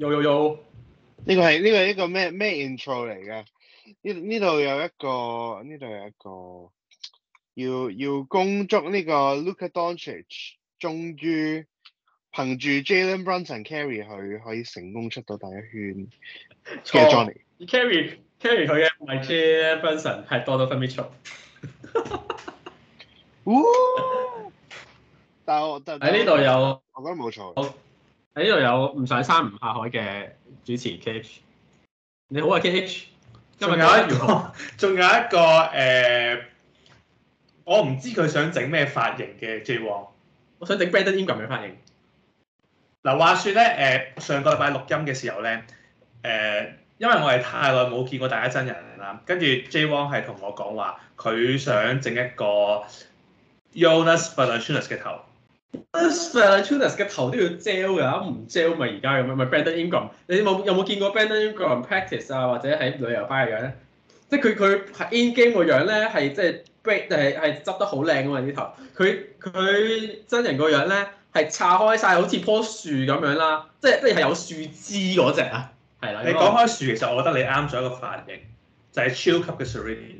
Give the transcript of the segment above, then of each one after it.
有有有，呢個係呢個係一個咩咩 intro 嚟嘅？呢呢度有一個，呢度有一個，要要恭祝呢個 Luka Doncic 終於憑住 Jalen Brunson，carry 佢可以成功出到第一圈。錯，Carry Carry 佢嘅唔係 Jalen Brunson，係多咗分泌物，哦。但係我但係呢度有，我覺得冇錯。喺呢度有唔上山唔下海嘅主持 K H，你好啊 K H，仲有一個，仲有一個誒、呃，我唔知佢想整咩髮型嘅 J Wang，我想整 Brandon Ingram 嘅髮型。嗱，話說咧，誒、呃，上個禮拜錄音嘅時候咧，誒、呃，因為我係太耐冇見過大家真人啦，Wong 跟住 J Wang 係同我講話，佢想整一個 Jonas Valanciunas 嘅頭。Valanciunas 嘅頭都要 gel 㗎，唔 gel 咪而家咁樣，咪 Brandon Ingram。你有冇有冇見過 Brandon Ingram practice 啊，或者喺旅遊巴嘅樣咧？即係佢佢係 in game 個樣咧，係即係 break，係係執得好靚啊嘛啲頭。佢佢真人個樣咧係拆開晒好似棵樹咁樣啦。即係即係係有樹枝嗰隻啊。係啦的。你講開樹，其實我覺得你啱咗一個髮型，就係超級嘅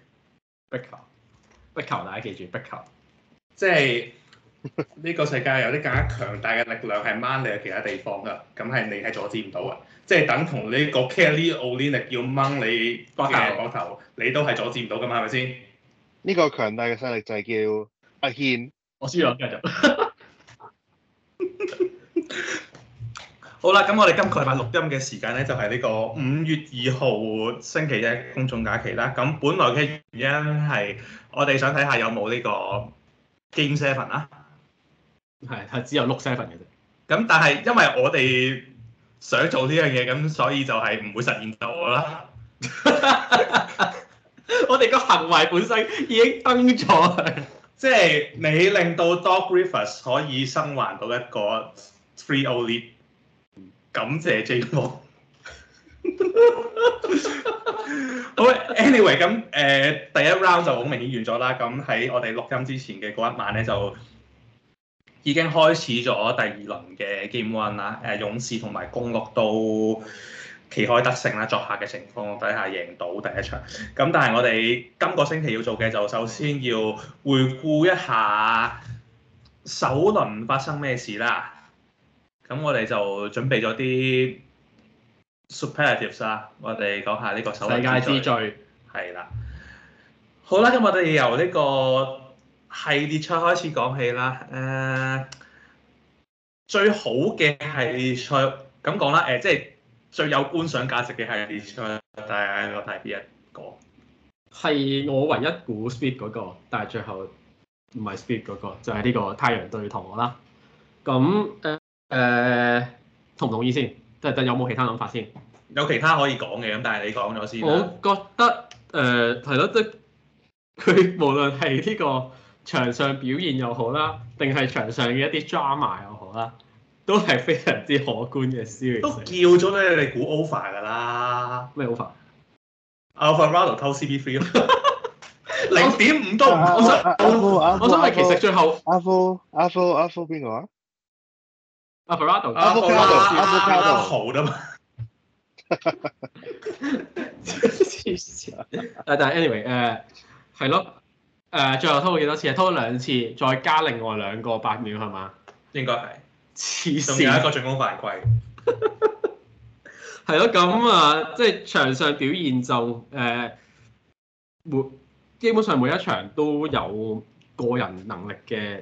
迫球，迫球，大家記住迫球。即係呢個世界有啲更加強大嘅力量係掹你去其他地方㗎，咁係你係阻止唔到嘅。即係等同你個 Kelly Olynyk 要掹你嘅膊頭，你都係阻止唔到㗎嘛？係咪先？呢個強大嘅勢力就係叫阿軒。我輸咗，繼續。 好啦，咁我哋今個禮拜錄音嘅時間咧，就係呢個五月二號星期一公眾假期啦。咁本來嘅原因係我哋想睇下有冇呢個 game seven 啦，係係只有碌 seven 嘅啫。咁但係因為我哋想做呢樣嘢，咁所以就係唔會實現到啦。我哋個行為本身已經崩咗，即係你令到 Doc Rivers 可以生還到一個 three-oh lead。感謝 J 哥、 anyway，好，anyway，咁誒第一 round 就好明顯完咗啦。咁喺我哋錄音之前嘅嗰一晚咧，就已經開始咗第二輪嘅 game one 啦、啊。誒勇士同埋公鹿都旗開得勝啦，作客嘅情況底下贏到第一場。咁但係我哋今個星期要做嘅就首先要回顧一下首輪發生咩事啦。咁我哋就準備咗啲 superlatives 啦。我哋講下呢個首輪之最係啦。好啦，咁我哋由呢個系列賽開始講起啦。誒，最好嘅系列賽咁講啦。誒，即係最有觀賞價值嘅系列賽，但係我睇邊一個係我唯一估 sweep 嗰個，但係最後唔係 sweep 嗰個，就係呢個太陽對同我啦。咁誒。Uh, 誒、uh, 同唔同意先？即係即係有冇其他諗法先？有其他可以講嘅咁，但係你講咗先，先。我覺得誒係咯，即係佢無論係呢個場上表現又好啦，定係場上嘅一啲 drama 又好啦，都係非常之可觀嘅 series。都叫咗咧，你估 over 噶啦？咩 over？a t t l e 偷 CP3 咯，零點五多。我想係其實最後阿富阿富阿富邊個啊？阿弗拉多，阿弗拉多，阿弗拉多，好㗎嘛。哈哈哈！黐線。但但 anyway，誒係咯，誒最後拖幾多次啊？拖咗兩次，再加另外兩個八秒係嘛？應該係。次次係一個進攻犯規。係咯，咁啊，即係場上表現就誒，每基本上每一場都有個人能力嘅。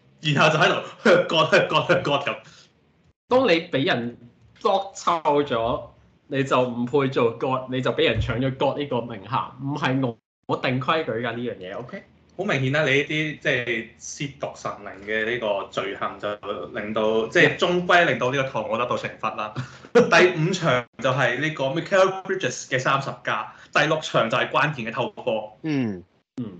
然後就喺度割割割咁。當你俾人 l 臭咗，你就唔配做割，你就俾人搶咗割，呢個名下唔係我我定規矩㗎呢樣嘢，OK？好明顯啦，你呢啲即係褻瀆神明嘅呢個罪行，就令到即係終歸令到呢個堂我得到懲罰啦。第五場就係呢個 Mikal Bridges 嘅三十加，第六場就係關鍵嘅偷波。嗯。嗯。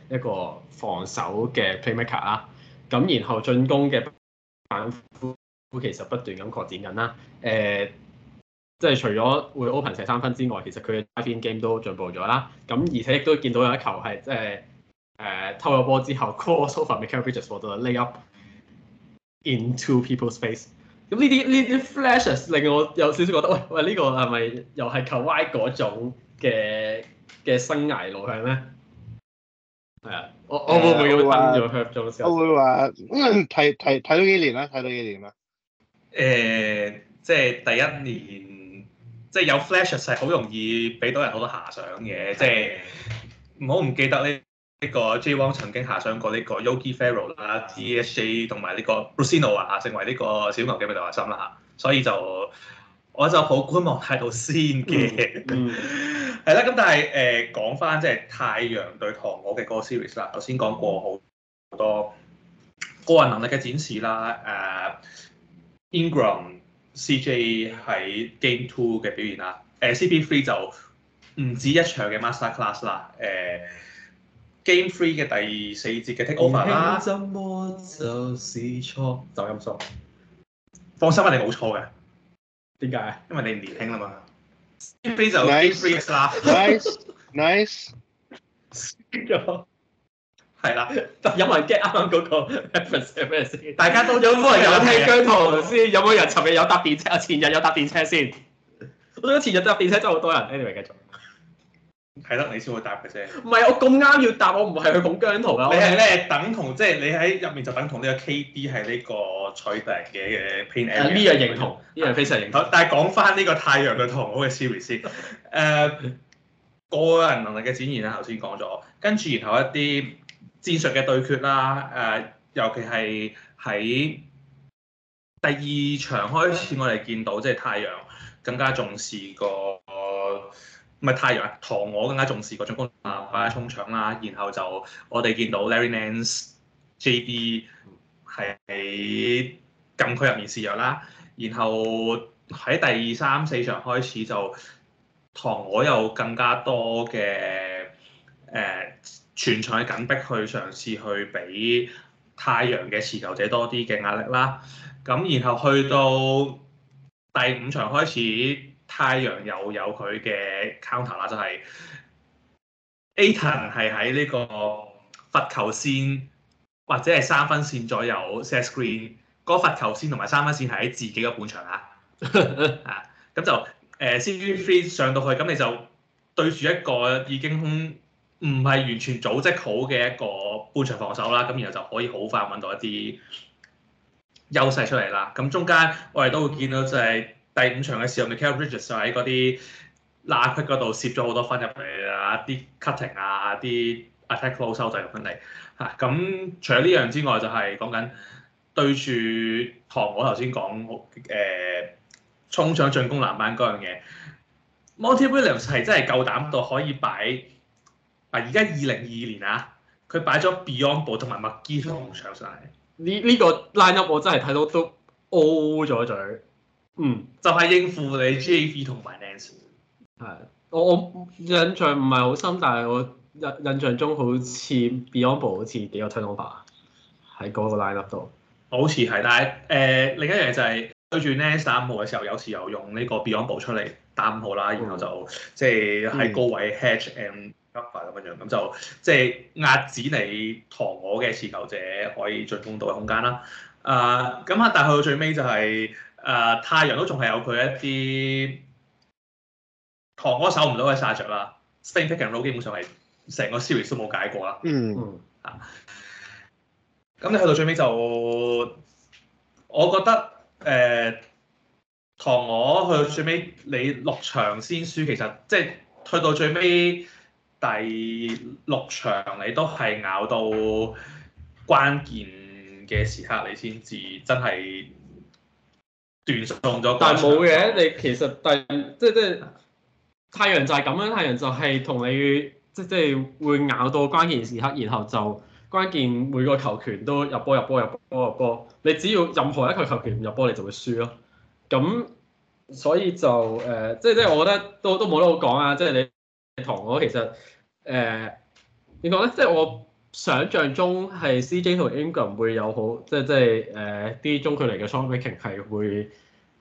一個防守嘅 playmaker 啦，咁然後進攻嘅板斧其實不斷咁擴展緊啦。誒、呃，即係除咗會 open 射三分之外，其實佢嘅 inside game 都進步咗啦。咁而且亦都見到有一球係即係誒偷咗波之後 cross over Mikal Bridges for the layup into people's face。咁呢啲呢啲 flashes 令我有少少覺得，喂喂呢個係咪又係 Kawhi 嗰種嘅嘅生涯路向咧？係啊，我我會唔會崩咗？我會話睇睇睇到幾年啦，睇到幾年啦。誒，即係第一年，即係有 flash 係好容易俾到人好多遐想嘅。即係我唔記得呢呢個 J. Wong 曾經遐想過呢個 Yogi Ferrell 啦，D. S. J. 同埋呢個 Brussino 啊，成為呢個小牛嘅未來核心啦。吓，所以就。我就好觀望態度先嘅、嗯，係、嗯、啦。咁 但係誒、呃、講翻即係太陽對鵜鶘嘅嗰個 series 啦。頭先講過好多個人能力嘅展示啦。誒、呃、Ingram、In gram, CJ 喺 Game Two 嘅表現啦。誒，CP Three 就唔止一場嘅 master class 啦。誒、呃、Game Three 嘅第四節嘅 takeover 啦。怎麼就是錯？就咁錯？放心啦、啊，你冇錯嘅。點解？因為你年輕啦嘛，一飛就一飛啦，nice nice，死咗，係啦，有冇人 get 啱啱嗰個？Evers Evers，大家多咗冇人有聽姜濤先，有冇人尋日有搭電車？前日有搭電車先？我覺得前日搭電車真係好多人，anyway 繼續。係得你先會答嘅啫。唔係我咁啱要答，我唔係去捧姜濤啦、啊。你係咧等同，即係你喺入面就等同呢個 KD 係呢個取定嘅 P。a 誒呢樣認同，呢樣非常認同。同但係講翻呢個太陽嘅同好嘅 series 先。誒、呃、個人能力嘅展現啊，頭先講咗，跟住然後一啲戰術嘅對決啦。誒、呃，尤其係喺第二場開始，我哋見到即係太陽更加重視過。唔係太陽啊！唐我更加重視嗰種功能啊，擺一沖搶啦。然後就我哋見到 Larry Nance、J.D 係喺禁區入面示弱啦。然後喺第三四場開始就唐我有更加多嘅誒、呃、全場去緊逼去嘗試去俾太陽嘅持球者多啲嘅壓力啦。咁然後去到第五場開始。太陽又有佢嘅 counter 啦，就係 Ayton 係喺呢個罰球線或者係三分線左右 set screen，嗰個罰球線同埋三分線係喺自己嘅半場啦，咁 就誒 CP3 上到去，咁你就對住一個已經唔係完全組織好嘅一個半場防守啦，咁然後就可以好快揾到一啲優勢出嚟啦。咁中間我哋都會見到就係、是。第五場嘅時候 m i c e l r i d g e s 就喺嗰啲罅隙嗰度攝咗好多分入嚟啊！啲 cutting 啊，啲 attack flow 收咗入分嚟嚇。咁除咗呢樣之外，就係、是、講緊對住唐我頭先講誒衝搶進攻籃板嗰樣嘢。Monty Williams 係真係夠膽到可以擺啊！而家二零二二年啊，佢擺咗 Beyond 布同埋麥基都上曬。呢呢、嗯這個 line up 我真係睇到都 O 咗嘴。嗯，就係應付你 JV 同 Nance。係，我印象唔係好深，但係我印象中好似 Biyombo 好似幾個 turnover 喺嗰個 lineup 度，好似係。但係誒、呃，另一樣就係對住 Nance 打五號嘅時候，有時候有用呢個 Biyombo 出嚟打五號啦，嗯、然後就即係喺高位 hedge and cover 咁樣樣，咁、嗯、就即係壓止你同我嘅持球者可以進攻到嘅空間啦。啊、呃，咁啊、就是，但係去到最尾就係。誒、呃、太陽都仲係有佢一啲唐鵝守唔到嘅殺着啦，Spain Pick and Roll 基本上係成個 series 都冇解過啦。嗯、mm，hmm. 啊，咁你去到最尾就，我覺得誒唐、呃、我去到最尾你六場先輸，其實即係去到最尾第六場你都係咬到關鍵嘅時刻你，你先至真係。斷送咗，但係冇嘅，你其實但即係即係太陽就係咁樣，太陽就係同你即係即係會咬到關鍵時刻，然後就關鍵每個球權都入波入波入波入波，你只要任何一個球權唔入波，你就會輸咯。咁所以就誒、呃，即係即係我覺得都都冇得好講啊。即係你同我其實誒點講咧？即係我。想象中係 CJ 同 Ingram 會有好，即係即係誒啲中距離嘅 shooting 係會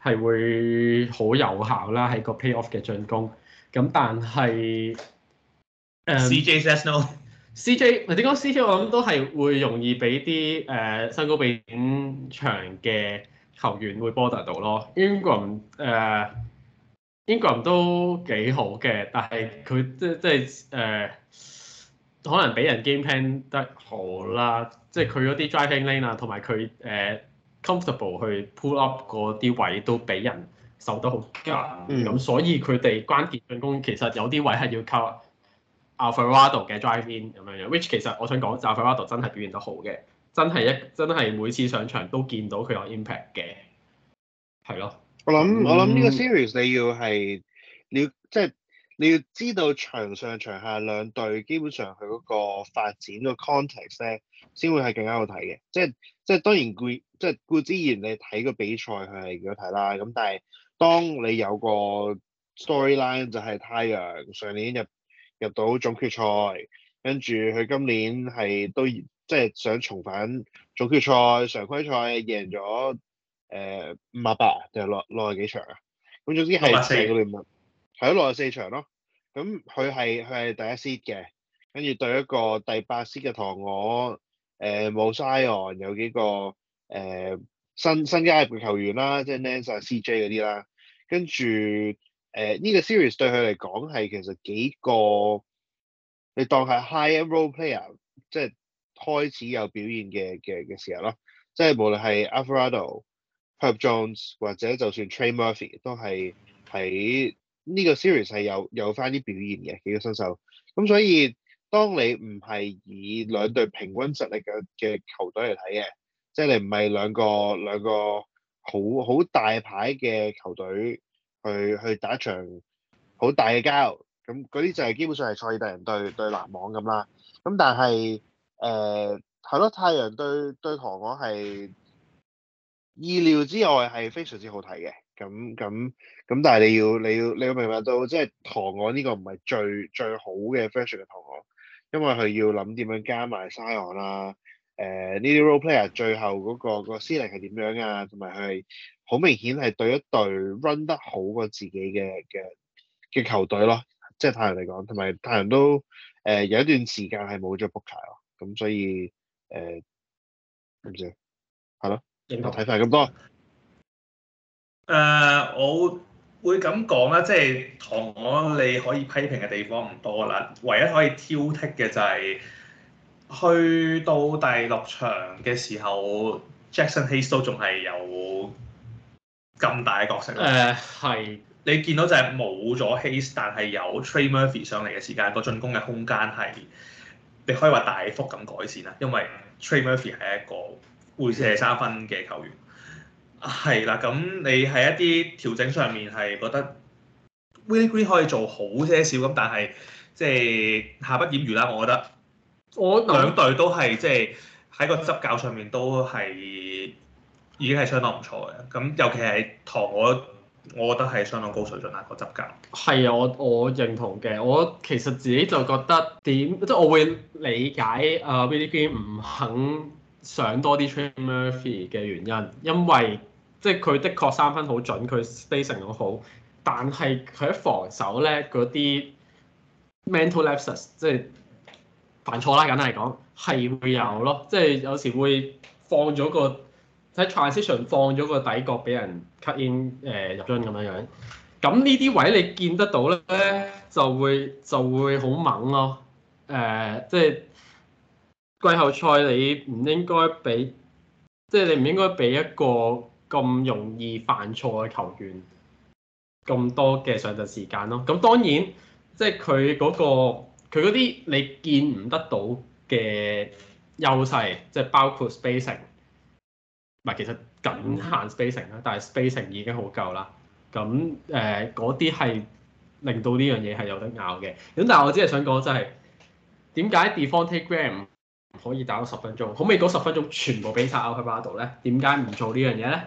係會好有效啦，係個 pay off 嘅進攻。咁但係誒 CJ say no，CJ 或者講 CJ 我諗都係會容易俾啲誒身高比長嘅球員會波達到咯。Ingram 誒 Ingram 都幾好嘅，但係佢即即係誒。呃即係呃可能俾人 game plan 得好啦，啊，即係佢嗰啲 driving lane 啊，同埋佢誒 comfortable 去 pull up 嗰啲位都俾人受得好夾，咁、嗯、所以佢哋關鍵進攻其實有啲位係要靠 Alvarado 嘅 driving 咁樣樣，which 其實我想講，Alvarado，啊 er、真係表現得好嘅，真係一真係每次上場都見到佢有 impact 嘅，係咯。我諗想、嗯、我諗呢個 series 你要係了即係。你要知道場上場下兩隊基本上佢嗰個發展個 context 咧，先會係更加好睇嘅。即係即係當然固即係固之然你睇個比賽佢係幾好睇啦。咁但係當你有個 storyline 就係太陽上年入入到總決賽，跟住佢今年係都即係想重返總決賽、常規賽贏咗誒五啊八啊定係六六啊幾場啊？咁總之係四個聯盟。係咗六十四場咯，咁佢係佢係第一 seed 嘅，跟住對一個第八 seed 嘅唐鵝，誒，Mo z e o n 有幾個誒、呃、新新加派嘅球員啦，即係 n a n c y CJ 嗰啲啦，跟住誒呢個 series 對佢嚟講係其實幾個，你當係 high end role player，即係開始有表現嘅嘅嘅時候咯，即係無論係 Alfredo o、Herb Jones 或者就算 t r a i n Murphy 都係喺。呢個 series 係有有返啲表現嘅幾個新秀，咁所以當你唔係以兩隊平均實力嘅嘅球隊嚟睇嘅，即係你唔係兩個兩個好好大牌嘅球隊去去打一場好大嘅交，咁嗰啲就係基本上係賽爾特人對對籃網咁啦，咁但係誒係咯，呃、太陽對對鵜鶘係意料之外，係非常之好睇嘅。咁咁咁，但係你要你要你要明白到，即係唐岸呢個唔係最最好嘅 fresh 嘅唐岸，因為佢要諗點樣加埋 Sion 啦、啊。誒呢啲 role player 最後嗰、那個司令係點樣啊？同埋佢係好明顯係對一隊 run 得好過自己嘅嘅嘅球隊咯，即係太陽嚟講，同埋太陽都誒、呃、有一段時間係冇咗 booker 咯、啊。咁、嗯、所以誒唔、呃、知啊，係咯，我睇法咁多。誒，uh, 我會咁講啦，即係同我你可以批評嘅地方唔多啦，唯一可以挑剔嘅就係、是、去到第六場嘅時候，Jackson h a s t s 都仲係有咁大嘅角色。誒、uh, 是，係。你見到就係冇咗 h a y e 但係有 Tray Murphy 上嚟嘅時間，那個進攻嘅空間係你可以話大幅咁改善啦，因為 Tray Murphy 係一個會射三分嘅球員。係啦，咁你係一啲調整上面係覺得 Willie Green 可以做好些少咁，但係即係下不掩瑜啦，我覺得我可兩隊都係即係喺個執教上面都係已經係相當唔錯嘅，咁尤其係唐我我覺得係相當高水準嗰、那個執教。係啊，我我認同嘅，我其實自己就覺得點即係我會理解啊 Willie Green 唔肯上多啲 Trey Murphy 嘅原因，因為即係佢的確三分好準，佢 station 又好，但係佢喺防守咧嗰啲 mental lapses，即係犯錯啦，簡單嚟講係會有咯。即係有時會放咗個喺 transition 放咗個底角俾人 cut in 誒入樽咁樣樣。咁呢啲位你見得到咧，就會就會好猛咯。誒、呃，即係季後賽你唔應該俾，即係你唔應該俾一個。咁容易犯錯嘅球員，咁多嘅上陣時間咯。咁當然，即係佢嗰個佢嗰啲你見唔得到嘅優勢，即係包括 spacing，唔係其實僅限 spacing 啦 sp、呃，但係 spacing 已經好夠啦。咁誒嗰啲係令到呢樣嘢係有得拗嘅。咁但係我只係想講就係、是，點解 Devonte' Graham 可以打到十分鐘？可唔可以嗰十分鐘全部俾曬 Alvarado 咧？點解唔做呢樣嘢咧？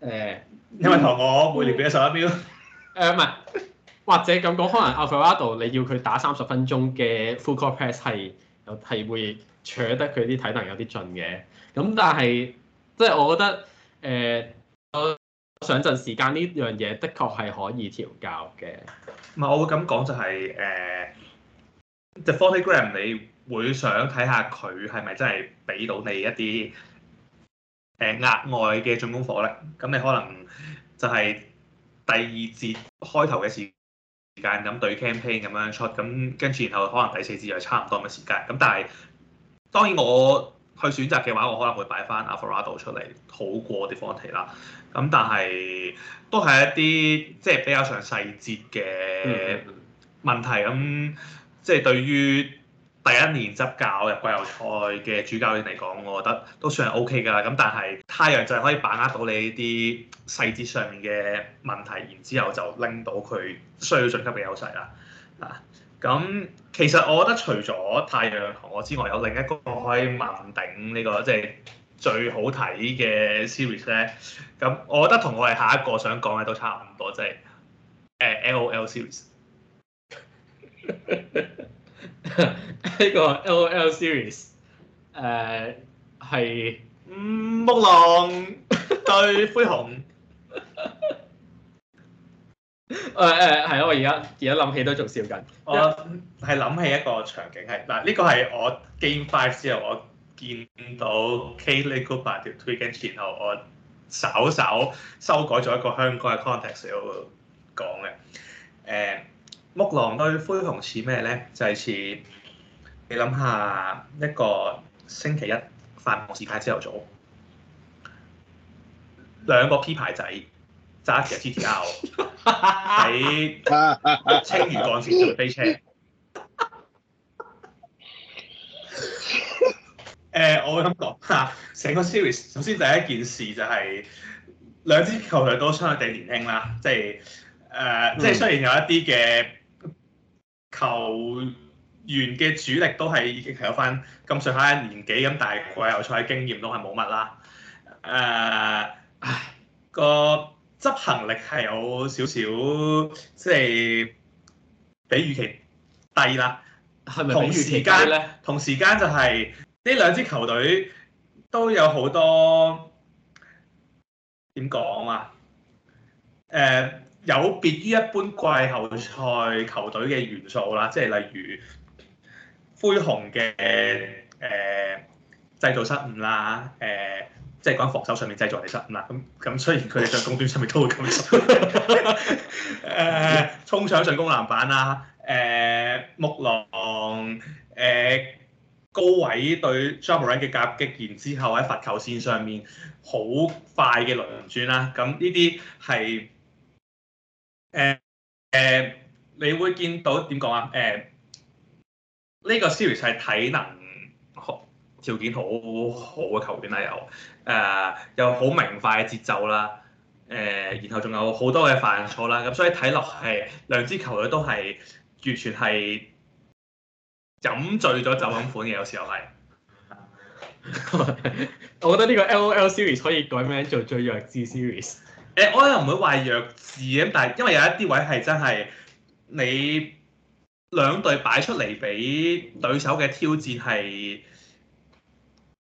誒，因為同我每年俾咗十一秒、 呃。誒唔係，或者咁講，可能阿費拉度你要佢打三十分鐘嘅 full court press 係，係會扯得佢啲體能有啲盡嘅。咁但係，即係我覺得，誒、呃，上陣時間呢樣嘢的確係可以調教嘅。唔係，我會咁講就係，誒、呃、Devonte' Graham 你會想睇下佢係咪真係俾到你一啲？誒，額外嘅進攻火力，咁你可能就係第二節開頭嘅時時間咁對 campaign 咁樣出，咁跟住然後可能第四節又差唔多嘅時間，咁但係當然我去選擇嘅話，我可能會擺翻 Alvarado 出嚟好過啲 Devonte 啦，咁但係都係一啲即係比較上細節嘅問題，咁即係對於。第一年執教入季後賽嘅主教練嚟講，我覺得都算係 O K 噶啦。咁但係太陽就係可以把握到你啲細節上面嘅問題，然之後就拎到佢需要晉級嘅優勢啦。咁、啊嗯、其實我覺得除咗太陽同我之外，有另一個可以盲頂呢個即係、就是、最好睇嘅 series 咧。咁、嗯、我覺得同我哋下一個想講嘅都差唔多，即、就、係、是、L O L series。 呢 個 L O L series 誒、uh, 係、嗯、木狼對灰熊，誒誒係咯，我而家而家諗起都仲笑緊。我係諗起一個場景係，嗱呢個係我 Game Five 之後我見到 Kaleigh Cooper 條推文前後，我稍稍修改咗一個香港嘅 context 我講嘅，誒、uh,。木狼對灰熊似咩咧？就係、是、似你諗下一個星期一發夢時間朝頭早兩個 P 牌仔揸住 GTR 喺青嶼幹線做飛車。 呃、我會咁講吓。成個 series 首先第一件事就係、是、兩支球隊都相對年輕啦，即係誒、呃，即係雖然有一啲嘅。嗯球員嘅主力都係已經係有翻咁上下年紀咁，但係季後賽嘅經驗都係冇乜啦。誒、呃，個執行力係有少少即係、就是、比預期低啦。係咪同時間咧？同時間就係呢兩支球隊都有好多點講啊？誒、呃。有別於一般季後賽球隊嘅元素啦，即係例如灰熊嘅誒製造失誤啦，誒、呃、即係講防守上面製造嘅失誤啦。咁咁雖然佢哋在攻端上面都會咁誒衝上進攻籃板啦，誒、呃、木狼誒、呃、高位對 LeBron 嘅夾擊，然之後喺罰球線上面好快嘅輪轉啦。咁呢啲係。誒誒，你會見到點講啊？誒呢個 series 係體能好條件好好嘅球員嚟，有，誒又好明快嘅節奏啦，誒然後仲有好多嘅犯錯啦，咁所以睇落係兩支球隊都係完全係飲醉咗就咁款嘅，有時候係。我覺得呢個 LOL series 可以改名做最弱智 series。誒，我又唔會話弱智咁，但係因為有一啲位係真係你兩隊擺出嚟俾對手嘅挑戰係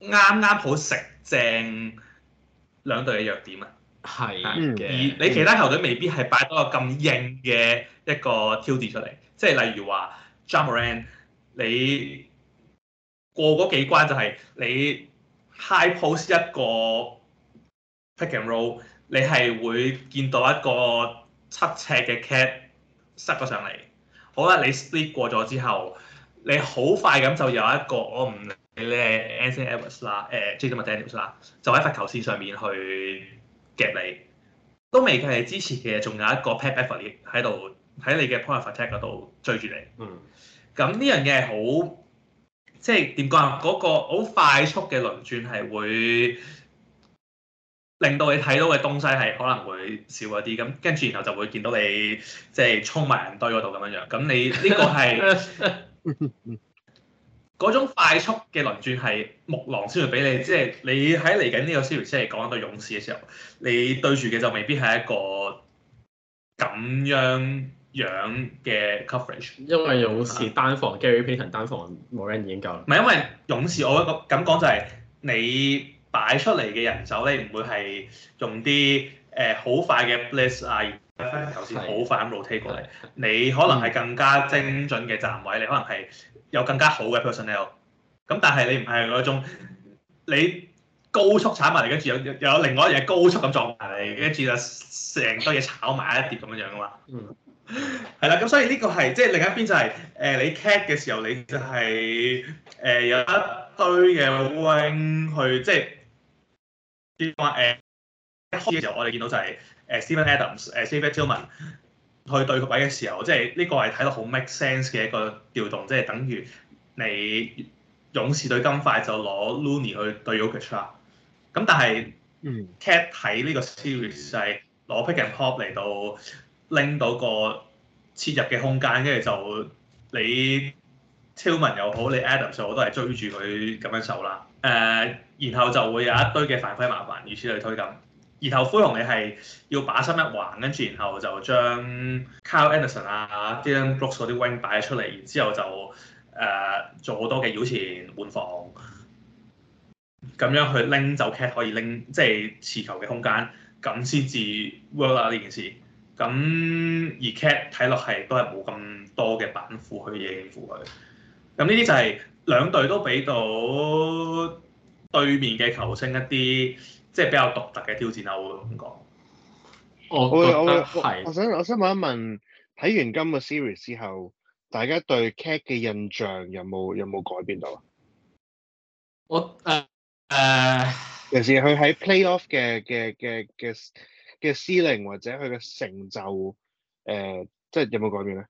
啱啱好食正兩隊嘅弱點啊。係嘅，而你其他球隊未必係擺多個咁硬嘅一個挑戰出嚟，即係例如話 Jamal Murray 你過嗰幾關就係你 high post 一個 pick and roll。你係會見到一個七尺嘅 c a p 塞咗上嚟，好啦，你 split 過咗之後，你好快咁就有一個我唔理咧 Anthony Edwards 啦，誒、呃、Jaden McDaniels 啦，就喺罰球線上面去夾你。都未計之前嘅，仲有一個 Pat Beverly 喺度喺你嘅 point of attack 嗰度追住你。嗯，咁呢樣嘢係好即係點講啊？嗰、就是、個好快速嘅輪轉係會。令到你睇到嘅東西係可能會少一啲，咁跟住然後就會見到你即係、就是、衝埋人堆嗰度咁樣樣。咁你呢個係嗰 種快速嘅輪轉係木狼先會俾你。即、就、係、是、你喺嚟緊呢個 series 講到勇士嘅時候，你對住嘅就未必係一個咁樣樣嘅 coverage。因為勇士單防、啊、Gary Payton 單防 Moran 已經夠啦。唔係因為勇士，我覺得咁講就係、是、你。擺出嚟嘅人手咧，唔會係用啲誒好快嘅 blitz 啊，頭先好快咁 rotate 過嚟。你可能係更加精準嘅站位，你可能係有更加好嘅 personnel。咁但係你唔係嗰種你高速產物嚟嘅，跟住有有另外一樣高速咁撞埋嚟，跟住就成堆嘢炒埋一碟咁樣樣噶嘛。嗯，係啦，咁所以呢個係即係另一邊就係誒你 cat 嘅時候，你就係誒有一堆嘅 wing 去即係。啲話一開嘅時候我哋見到就係、是、誒、uh, Steven Adams 誒、uh, Steven Tillman 去對位嘅時候，即係呢個係睇到好 make sense 嘅一個調動，即、就、係、是、等於你勇士對金塊就攞 Looney 去對 Okafor 咁，但係 Cat 喺呢個 series 就係攞 Pick and Pop 嚟到拎到個切入嘅空間，跟住就是、你 Tillman 又好，你 Adams 我都係追住佢咁樣手啦，誒、uh,。然後就會有一堆嘅犯規麻煩，如此類推咁。然後灰熊你係要把心一橫，跟住然後就將 Kyle Anderson 啊、Dillon Brooks 啲人、啊、wing 擺出嚟，然之後就誒、呃、做好多嘅繞前換防。咁樣去拎走 cat 可以拎，即、就、係、是、持球嘅空間，咁先至 work 啦呢件事。咁而 cat 睇落係都係冇咁多嘅板斧去應付佢。咁呢啲就係兩隊都俾到。對面嘅球星一啲即係比較獨特嘅挑戰啦，我會咁講。我覺得係我，我，我想，我想問一問，睇完今個 series 之後，大家對 KAT 嘅印象有冇有冇改變到？我誒誒，尤其係佢喺 playoff 嘅嘅嘅嘅嘅 ceiling 或者佢嘅成就誒、呃，即係有冇改變咧？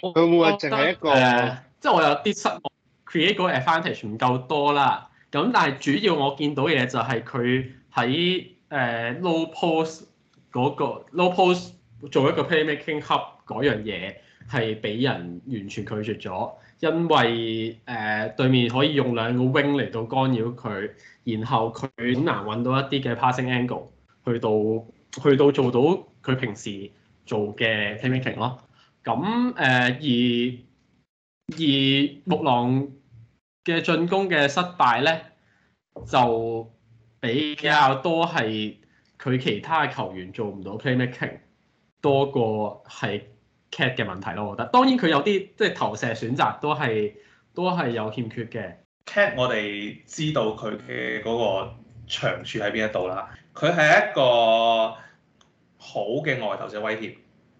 佢會唔會淨係一個？呃、即係我有啲失望。Create 個 advantage 唔夠多啦，咁但係主要我見到嘅嘢就係佢喺誒 low post 嗰個 low post 做一個 playmaking hub 嗰樣嘢係俾人完全拒絕咗，因為誒、uh, 對面可以用兩個 wing 嚟到干擾佢，然後佢好難揾到一啲嘅 passing angle 去到去到做到佢平時做嘅 playmaking 咯，咁誒、uh, 而。而木狼嘅進攻嘅失敗咧，就比較多係佢其他球員做唔到 playmaking 多過係 Cat 嘅問題咯。我覺得，當然佢有啲即係投射選擇都係都係有欠缺嘅。Cat 我哋知道佢嘅嗰個長處喺邊一度啦，佢係一個好嘅外投射威脅，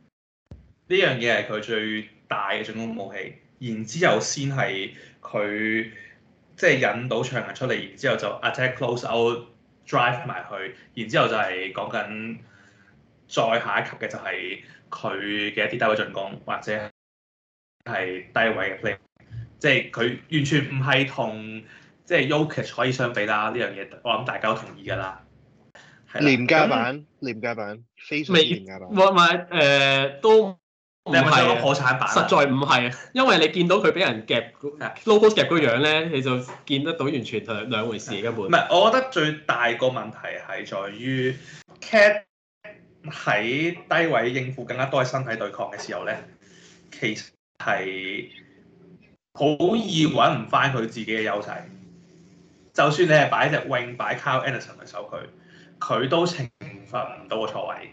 呢樣嘢係佢最大嘅進攻武器。然之後先係佢即係引到長人出嚟，然之後就 attack close out，drive 埋佢，然之後就係講緊再下一級嘅就係佢嘅一啲低位進攻或者係低位嘅 play，即係佢完全唔係同即係 Jokic 可以相比啦。呢樣嘢我諗大家都同意㗎啦。廉價版，那廉價版，Face 未？唔係誒都。你唔係個破產版，實在唔係，因為你見到佢俾人夾 ，low post 夾個樣咧，你就見得到完全兩兩回事根本。唔係，我覺得最大個問題係在於 cat 喺低位應付更加多嘅身體對抗嘅時候咧，其實係好易揾唔翻佢自己嘅優勢。 就算你係擺隻 wing 擺 Kyle Anderson 嚟守佢，佢都懲罰唔到個錯位。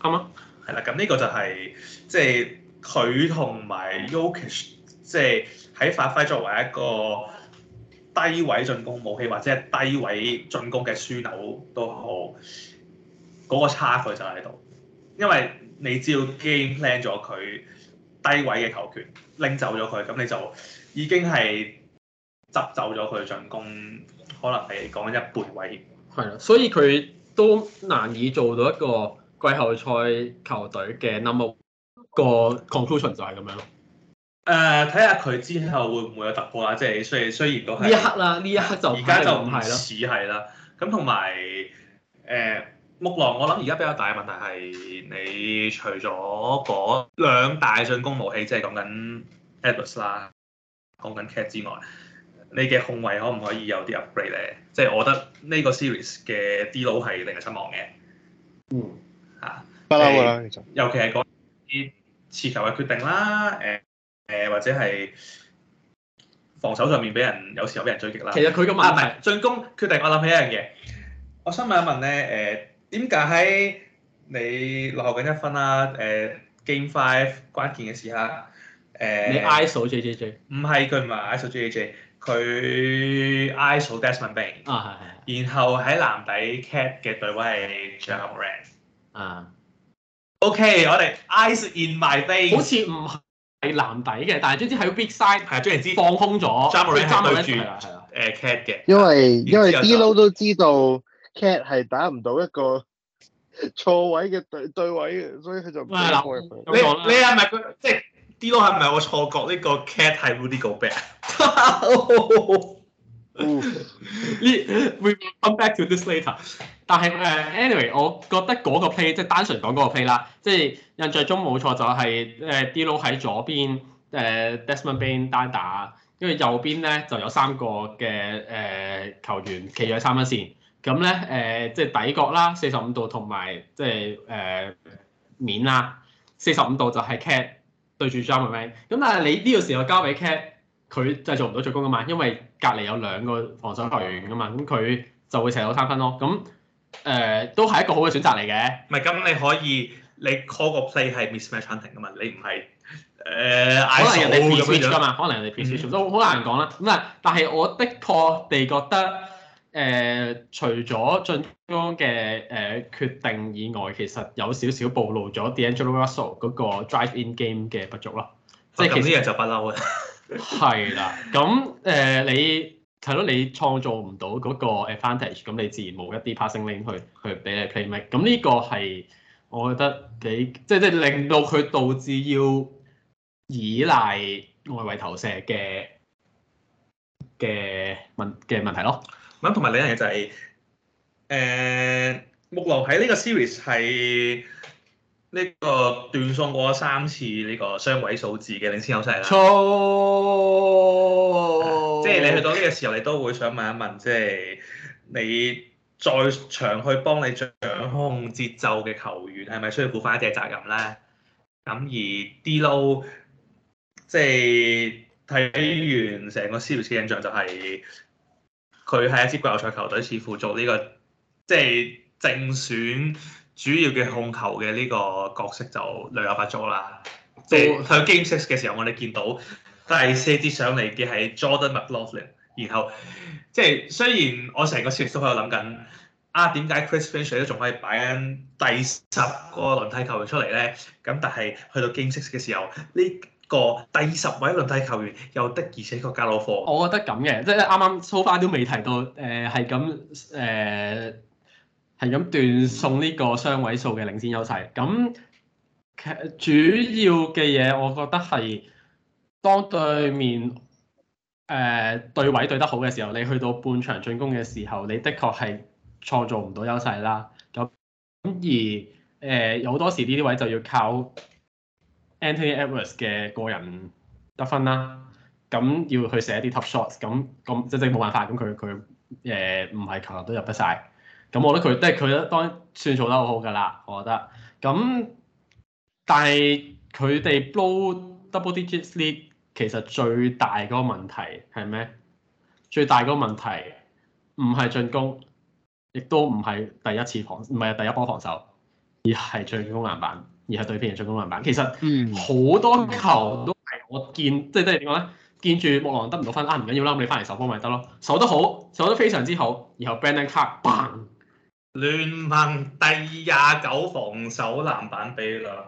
啱啊！係啦，咁呢個就係即係佢同埋 Yokish，即係喺發揮作為一個低位進攻武器或者係低位進攻嘅樞紐都好，嗰、那個差距就喺度。因為你只要 game plan 咗佢低位嘅球權拎走咗佢，咁你就已經係執走咗佢嘅進攻，可能係講緊一半位。係啦，所以佢都難以做到一個。季後賽球隊嘅 number one，個 conclusion 就係咁樣咯。誒，睇下佢之後會唔會有突破啦。即係雖雖然都係呢一刻啦，呢一刻就而家就唔係咯。似係啦。咁同埋誒，木、呃、狼，我諗而家比較大嘅問題係，你除咗嗰兩大進攻武器，即係講緊、e、Edwards 啦，講緊 Cat 之外，你嘅控衞可唔可以有啲 upgrade 咧？即、就、係、是、我覺得呢個 series 嘅 D-Lo 係令人失望嘅。嗯。不嬲啦，尤其係嗰啲持球嘅決定啦，誒、呃、誒、呃、或者係防守上面俾人有時候俾人追擊啦。呃、其實佢個問題，唔係、啊、進攻決定。我諗起一樣嘢，我想問一問咧，誒，點解喺你落後緊一分啦，誒、呃、Game Five 關鍵嘅時刻，誒、呃、你 ISO JJJ，唔係，佢唔係 ISO JJJ，佢 ISO Desmond Bane，啊係係，JJ, ain, 啊、然後喺籃底 Cat 嘅隊位係 j、er 啊，OK，我哋 ice in my veins，好似唔係藍底嘅，但係總之係個 big side，係總言之放空咗，佢揸住，係啊，係啊，誒 cat 嘅，因為但因為 Dilo 都知道 cat 係打唔到一個錯位嘅對位嘅，所以佢就唔開、嗯。你你係咪即係 Dilo 係咪我錯覺呢、這個 cat 係 really go back？你 we come back to this later。但係誒，anyway，我覺得嗰個 play 即係單純講嗰個 play 啦，即係印象中冇錯就係誒 Dilo 喺左邊誒，Desmond Bane 單打，因為右邊咧就有三個嘅誒球員企咗喺三分線，咁咧誒即係底角啦，四十五度同埋即係誒面啦，四十五度就係 Cat 對住 Ja Morant，咁但係你呢個時候交俾 Cat，佢製造唔到進攻噶嘛，因為隔籬有兩個防守球員噶嘛，咁佢就會射到三分咯，咁。誒、呃、都係一個好嘅選擇嚟嘅，唔係咁你可以你 call 個 play 係 mismatch hunting 嘛，你唔係誒，可能人哋 mismatch 嘛，可能人哋都好難講啦。咁啊，但係我的確地覺得誒、呃，除咗進攻嘅誒決定以外，其實有少少暴露咗 D'Angelo Russell 嗰個 drive in game 嘅不足咯。即係咁啲嘢就不嬲啊！係 啦，咁誒、呃、你。係咯，你創造唔到嗰個 advantage，咁你自然冇一啲 passing link 去去俾你 play make。咁呢個係我覺得幾即係即係令到佢導致要依賴外圍投射嘅嘅問嘅問題咯。咁同埋另一樣嘢就係、是、誒、欸、木狼喺呢個 series 係。呢個斷送過三次呢個雙位數字嘅領先優勢啦。 即係你去到呢個時候，你都會想問一問，即係你在場去幫你掌控節奏嘅球員，係咪需要負翻一啲嘅責任咧？咁而 D-Low，即係睇完成個 series 嘅印象，就係佢係一支國際賽球隊，似乎做呢個即係正選。主要嘅控球嘅呢個角色就略有不足啦。即係去 Game Six 嘅時候，我哋見到第四節上嚟嘅係 Jordan McLaughlin。然後即係雖然我成個節都喺度諗緊啊，點解 Chris Finch 都仲可以擺緊第十個輪替球員出嚟咧？咁但係去到 Game Six 嘅時候，呢個第十位輪替球員又的而且確加攞貨。我覺得咁嘅，即係啱啱 so far 都未提到誒係咁誒。呃係咁斷送呢個雙位數嘅領先優勢。咁主要嘅嘢，我覺得係當對面誒、呃、對位對得好嘅時候，你去到半場進攻嘅時候，你的確係創造唔到優勢啦。咁咁而誒、呃、有好多時呢啲位就要靠 Anthony Edwards 嘅個人得分啦。咁要去射一啲 tough shots。咁咁即係冇辦法。咁佢佢誒唔係球球都入得晒。咁我覺得佢都係佢咧，當然算做得好好㗎啦。我覺得，咁但係佢哋 blow double digit lead，其實最大個問題係咩？最大個問題唔係進攻，亦都唔係第一次防，唔係第一波防守，而係進攻籃板，而係對邊人進攻籃板。其實好多球都係我見，即係即係點講咧？見住木狼得唔到分啊，唔緊要啦，咁你翻嚟守波咪得咯，守得好，守得非常之好，然後 Brandon Clark，bang！聯盟第二廿九防守籃板比啦，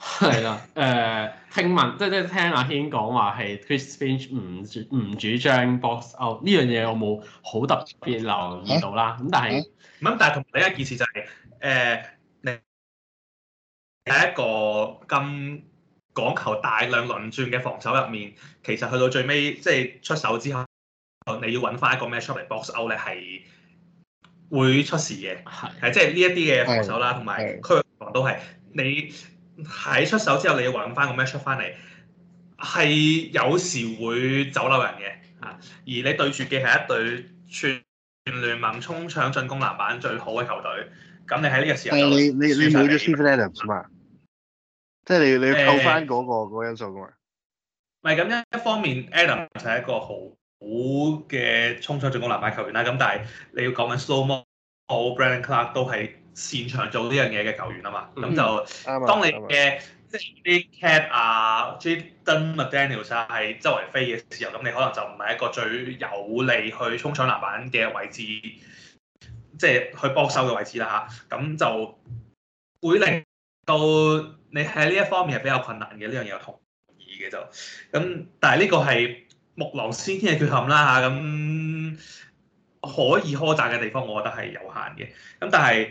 係啦， 誒、呃、聽聞即係即係聽阿軒講話係 Chris Finch 唔唔主，主張 box out 呢樣嘢，我冇好特別留、嗯、意到啦、就是。咁但係，咁但係同你一件事就係你喺一個咁講求大量輪轉嘅防守入面，其實去到最尾即係出手之後，你要揾翻一個咩出嚟 box out 咧係。會出事嘅，係即係呢一啲嘅防守啦，同埋的區防都係。你喺出手之後，你要揾翻個 match 出翻嚟，係有時會走漏人嘅。啊，而你對住嘅係一隊全聯盟衝搶進攻籃板最好嘅球隊，咁你喺呢個時候你你，你你要你冇咗 Stephen Adams 嘛？即係你你扣翻、嗰、嗰、個呃、個因素嘅嘛？唔係咁樣，一方面 Adam 就係一個好。好嘅衝搶進攻籃板球員啦，咁但係你要講緊 slow mo，我 Brandon Clark 都係擅長做呢樣嘢嘅球員啊嘛，咁、嗯、就、嗯、當你嘅即係啲 cat 啊、Jordan McDaniel 啊係周圍飛嘅時候，咁你可能就唔係一個最有利去衝搶籃板嘅位置，即、就、係、是、去搏收嘅位置啦嚇，咁就會令到你喺呢一方面係比較困難嘅，呢樣嘢我同意嘅就，咁但係呢個係。木狼先天係缺陷啦嚇，咁、嗯、可以苛責嘅地方，我覺得係有限嘅。咁但係誒、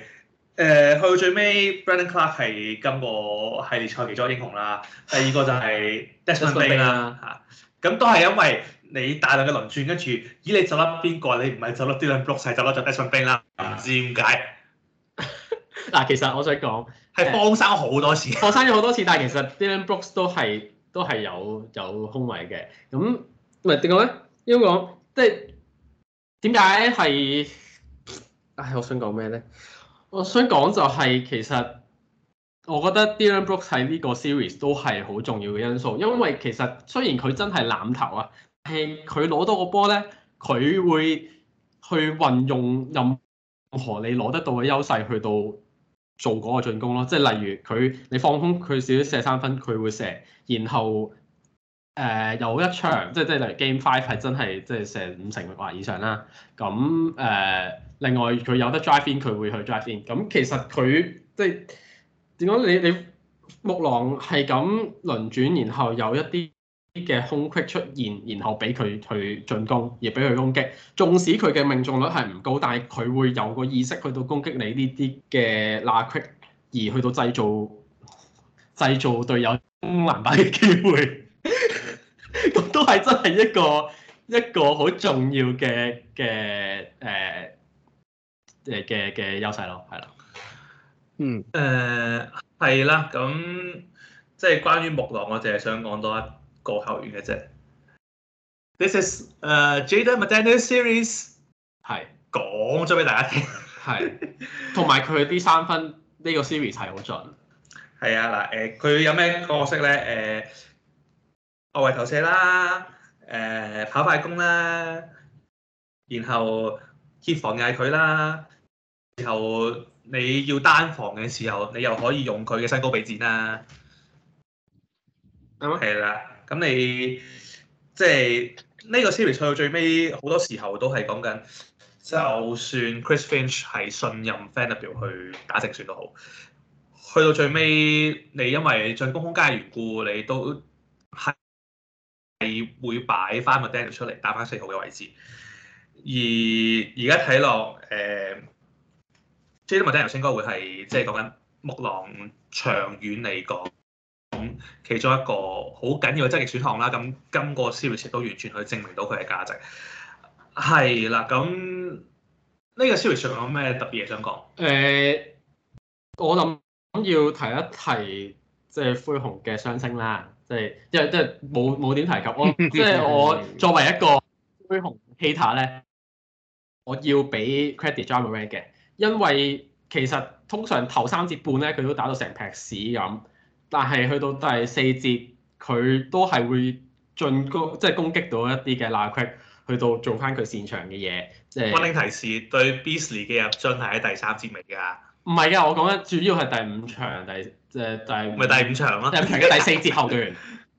呃、去到最尾，Brandon Clark 係今個系列賽其中英雄啦。第二個就係 Dylan Brooks 啦嚇，咁都係因為你大量嘅輪轉跟住，咦你走甩邊個？你唔係走甩 Dylan Brooks 走甩就 Dylan Brooks 啦，唔知點解。嗱，其實我想講係放生好多，欸、多次，放生咗好多次，但係其實 Dylan Brooks 都係都係有有空位嘅，咁。唔係點講咧？因為即係點解係？唉，我想講咩咧？我想講就係、是、其實我覺得 Dillon Brooks 喺呢個 series 都係好重要嘅因素，因為其實雖然佢真係攬頭啊，但係佢攞到個波咧，佢會去運用任何你攞得到嘅優勢去到做嗰個進攻咯。即、就、係、是、例如佢你放空佢少少射三分，佢會射，然後。誒，uh, 有一場即係即係例如 Game Five 係真係即係射五成或以上啦。咁誒，uh, 另外佢有得 drive in，佢會去 drive in。咁其實佢即係點講？你你木狼係咁輪轉，然後有一啲嘅空隙出現，然後俾佢去進攻，而俾佢攻擊。縱使佢嘅命中率係唔高，但係佢會有個意識去到攻擊你呢啲嘅罅隙，而去到製造製造隊友籃板嘅機會。 咁 都係真係一個一個好重要嘅嘅誒誒嘅嘅優勢咯，係啦。嗯誒係啦，咁、呃、即係關於木狼，我淨係想講多一個球員嘅啫。This is 誒、uh, Jaden McDaniels series，係的講咗俾大家聽，係同埋佢嘅 B 三分呢、呢個 series 係好準。係啊，嗱、呃、誒，佢有咩角色咧？誒、呃。外圍投射啦，誒、呃、跑快攻啦，然後揭防嗌佢啦，然後你要單防嘅時候，你又可以用佢嘅身高俾剪啦。係啦嗎，咁你即係呢、這個 Series 去到最尾，好多時候都係講緊，就算 Chris Finch 係信任 Vanderbilt 去打正選都好，去到最尾你因為進攻空間嘅緣故，你都係。係會擺翻個 Daniel 出嚟打翻四號嘅位置，而而家睇落誒，即係呢個 Daniel 應該會係即係講緊木狼長遠嚟講，其中一個好緊要嘅積極選項啦。咁今個 series 都完全去證明到佢嘅價值，係啦。咁呢個 series 有咩特別嘢想講？誒、呃，我諗要提一提即係、就是、灰熊嘅雙星啦。即係，因為即係冇冇點提及我， 即係我作為一個追紅希塔咧，我要俾 credit John g r e 嘅，因為其實通常頭三節半咧佢都打到成劈屎咁，但係去到第四節佢都係會進攻，即係攻擊到一啲嘅鬧區，去到做翻佢擅長嘅嘢。即 a r n 提示對 Bisley 嘅入樽係喺第三節嚟噶。唔係噶，我講緊主要係第五場第誒第，第五，唔係第五場咯。第五場嘅第四節後段，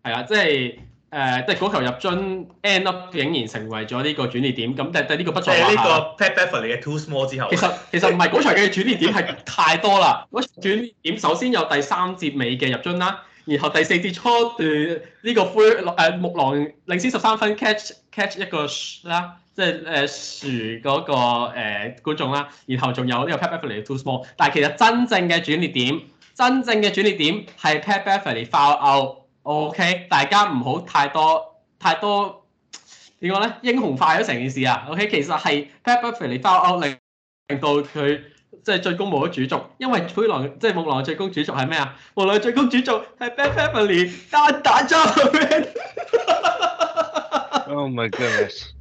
係啊、 呃，即係誒、呃，即係嗰球入樽，end up 竟然成為咗呢個轉捩點。咁第第呢個不錯嘅呢個 Pat Beverley 嘅 Too Small 之後其。其實其實唔係嗰場嘅轉捩點係太多啦。我 轉捩點首先有第三節尾嘅入樽啦，然後第四節初段呢個灰誒、呃、木狼領先十三分，catch catch 一個啦。即係誒樹嗰、那個誒、呃、觀眾啦、啊，然後仲有呢個 Pat Beverley too small，但係其實真正嘅轉捩點，真正嘅轉捩點係 Pat Beverley foul out、okay? k 大家唔好太多太多點講咧，英雄化咗成件事啊，OK，其實係 Pat Beverley foul out 令令到佢即係最終冇咗主族，因為灰狼即係木狼最高主族係咩啊？木狼最高主族係 Pat Beverley 打打戰，Oh my goodness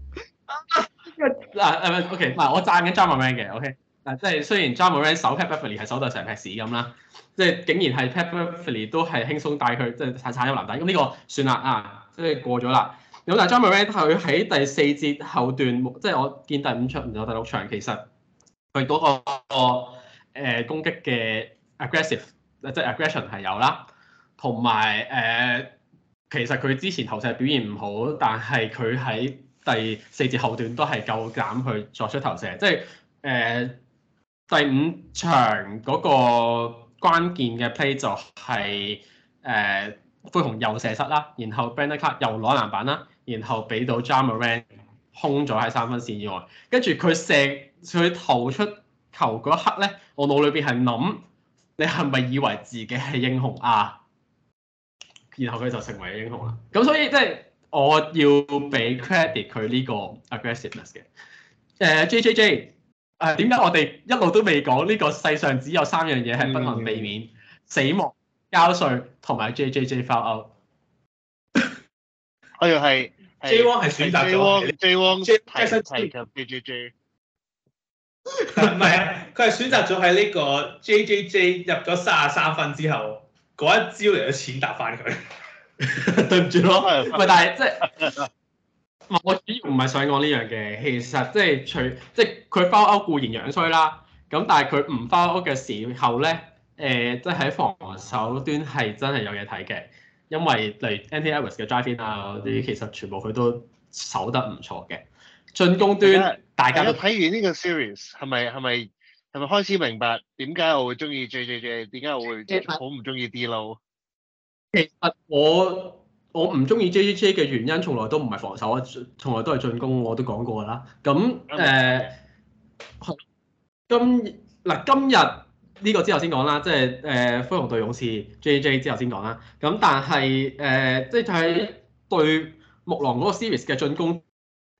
嗱誒，OK，唔係我贊緊 Ja Morant 嘅，OK，嗱即係雖然 Ja Morant 守 Pat Bev 係守到成劈屎咁啦，即係竟然係 Pat Bev 都係輕鬆帶佢即係踩踩入籃底。咁呢個算啦啊，即係過咗啦。咁但係 Ja Morant 佢喺第四節後段，即係我見第五場、唔五到第六場，其實佢嗰、嗰個誒、嗰個、攻擊嘅 aggressive，即係 aggression 係有啦，同埋誒其實佢之前投射表現唔好，但係佢喺第四節後段都係夠膽去作出投射，即係誒、呃、第五場嗰個關鍵嘅 play 就係、是、誒、呃、灰熊又射失啦，然後 Brandon Clarke 又攞籃板啦，然後俾到 Ja Morant 空咗喺三分線以外，跟住佢射佢投出球嗰一刻咧，我腦裏邊係諗你係咪以為自己係英雄啊？然後佢就成為英雄啦，咁所以即係。我要俾 credit 佢呢個 aggressiveness 嘅。誒、uh, JJJ 誒、uh, 點解我哋一路都未講呢個世上只有三樣嘢係不能避免：嗯、死亡、交稅同埋 JJJ foul out 我。我哋係 J1 係選擇咗 J1，J J, 提，提及 JJJ。唔 係啊，佢係選擇咗喺呢個 JJJ 入咗三十三分之後，嗰一招嚟嘅錢答翻佢。 對唔住咯，咪但係即係， 我主要唔係想講呢樣嘅。其實即係隨即佢包屋固然樣衰啦，咁但係佢唔包屋嘅時候咧，誒、呃，即係喺防守端係真係有嘢睇嘅。因為例如 Antonius 嘅 driving 啊嗰啲，in, 其實全部佢都守得唔錯嘅。進攻端大家,大家都睇完呢個 series，係咪係咪係咪開始明白點解我會中意 J J J？點解我會好唔中意 D Low? 其實我我唔中意 J J J 嘅原因，從來都唔係防守啊，從來都係進攻。我都講過啦。咁誒、嗯呃嗯，今嗱、呃、今日呢個之後先講啦，即係誒，灰、呃、熊對勇士 J J J 之後先講啦。咁但係誒，即係睇對木狼嗰個 series 嘅進攻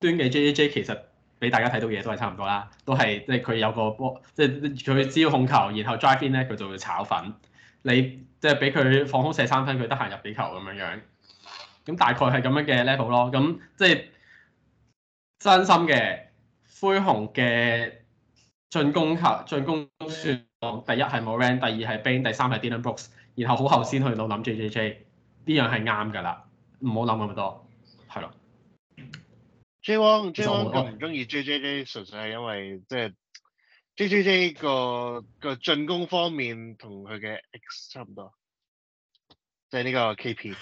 端嘅 J J J，其實俾大家睇到嘅嘢都係差唔多啦，都係即係佢有個波，即係佢只要控球，然後 drive in 咧，佢就會炒粉。你即係俾佢放空射三分，佢得閒入幾球咁樣樣，咁大概係咁樣嘅 level 咯。咁即係真心嘅灰熊嘅進攻球進攻都算第一係 Morant 第二係 Bane，第三係 Dillon Brooks，然後好後先去到諗 J J J。呢樣係啱㗎啦，唔好諗咁多，係咯。J 王我唔中意 J J J，純粹係因為即係。j j J 個個進攻方面同佢嘅 X 差唔多，即係呢個 K P，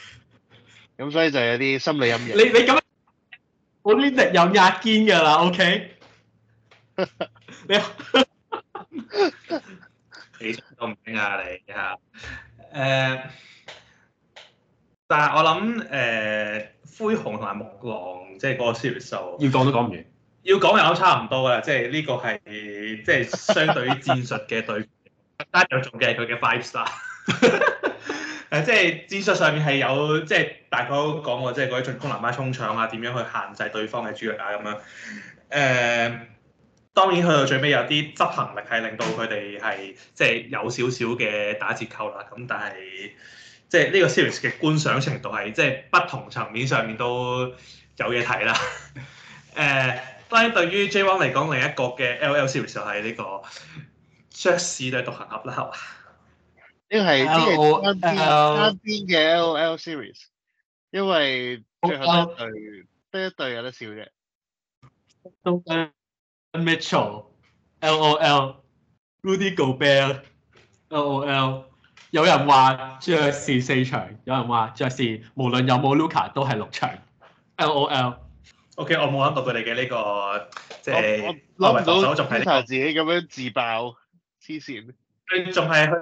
咁所以就有啲心理陰影。你你咁，我呢只有壓肩噶啦，OK？ 你、啊你 uh, 我唔驚下你誒，但係我諗誒，灰熊同埋木狼，即係嗰個 series，要講都講唔完。要講又都差唔多啦，即係呢個係即係相對於戰術嘅對，加有仲嘅係佢嘅 five star，誒即係戰術上面係有即係、就是、大概講過，即係嗰啲進攻、籃板、沖搶啊，點樣去限制對方嘅主力啊咁樣。誒、呃，當然去到最尾有啲執行力係令到佢哋係即係有少少嘅打折扣啦。咁但係即係呢個 series 嘅觀賞程度係即係不同層面上面都有嘢睇啦。誒、呃。對於 J1 嚟講，另一個嘅 L.L. series 就係呢個爵士對獨行俠啦，因為邊嘅 L.L. series，因為多對多，有得笑啫。Mitchell LOL，Rudy Gobert LOL。有人話爵士四場，有人話爵士無論有冇 Luka 都係六場，LOL。O.K. 我冇諗到佢哋嘅呢個，即係攞唔到手、這個，仲係自己咁樣自爆，黐線。佢仲係去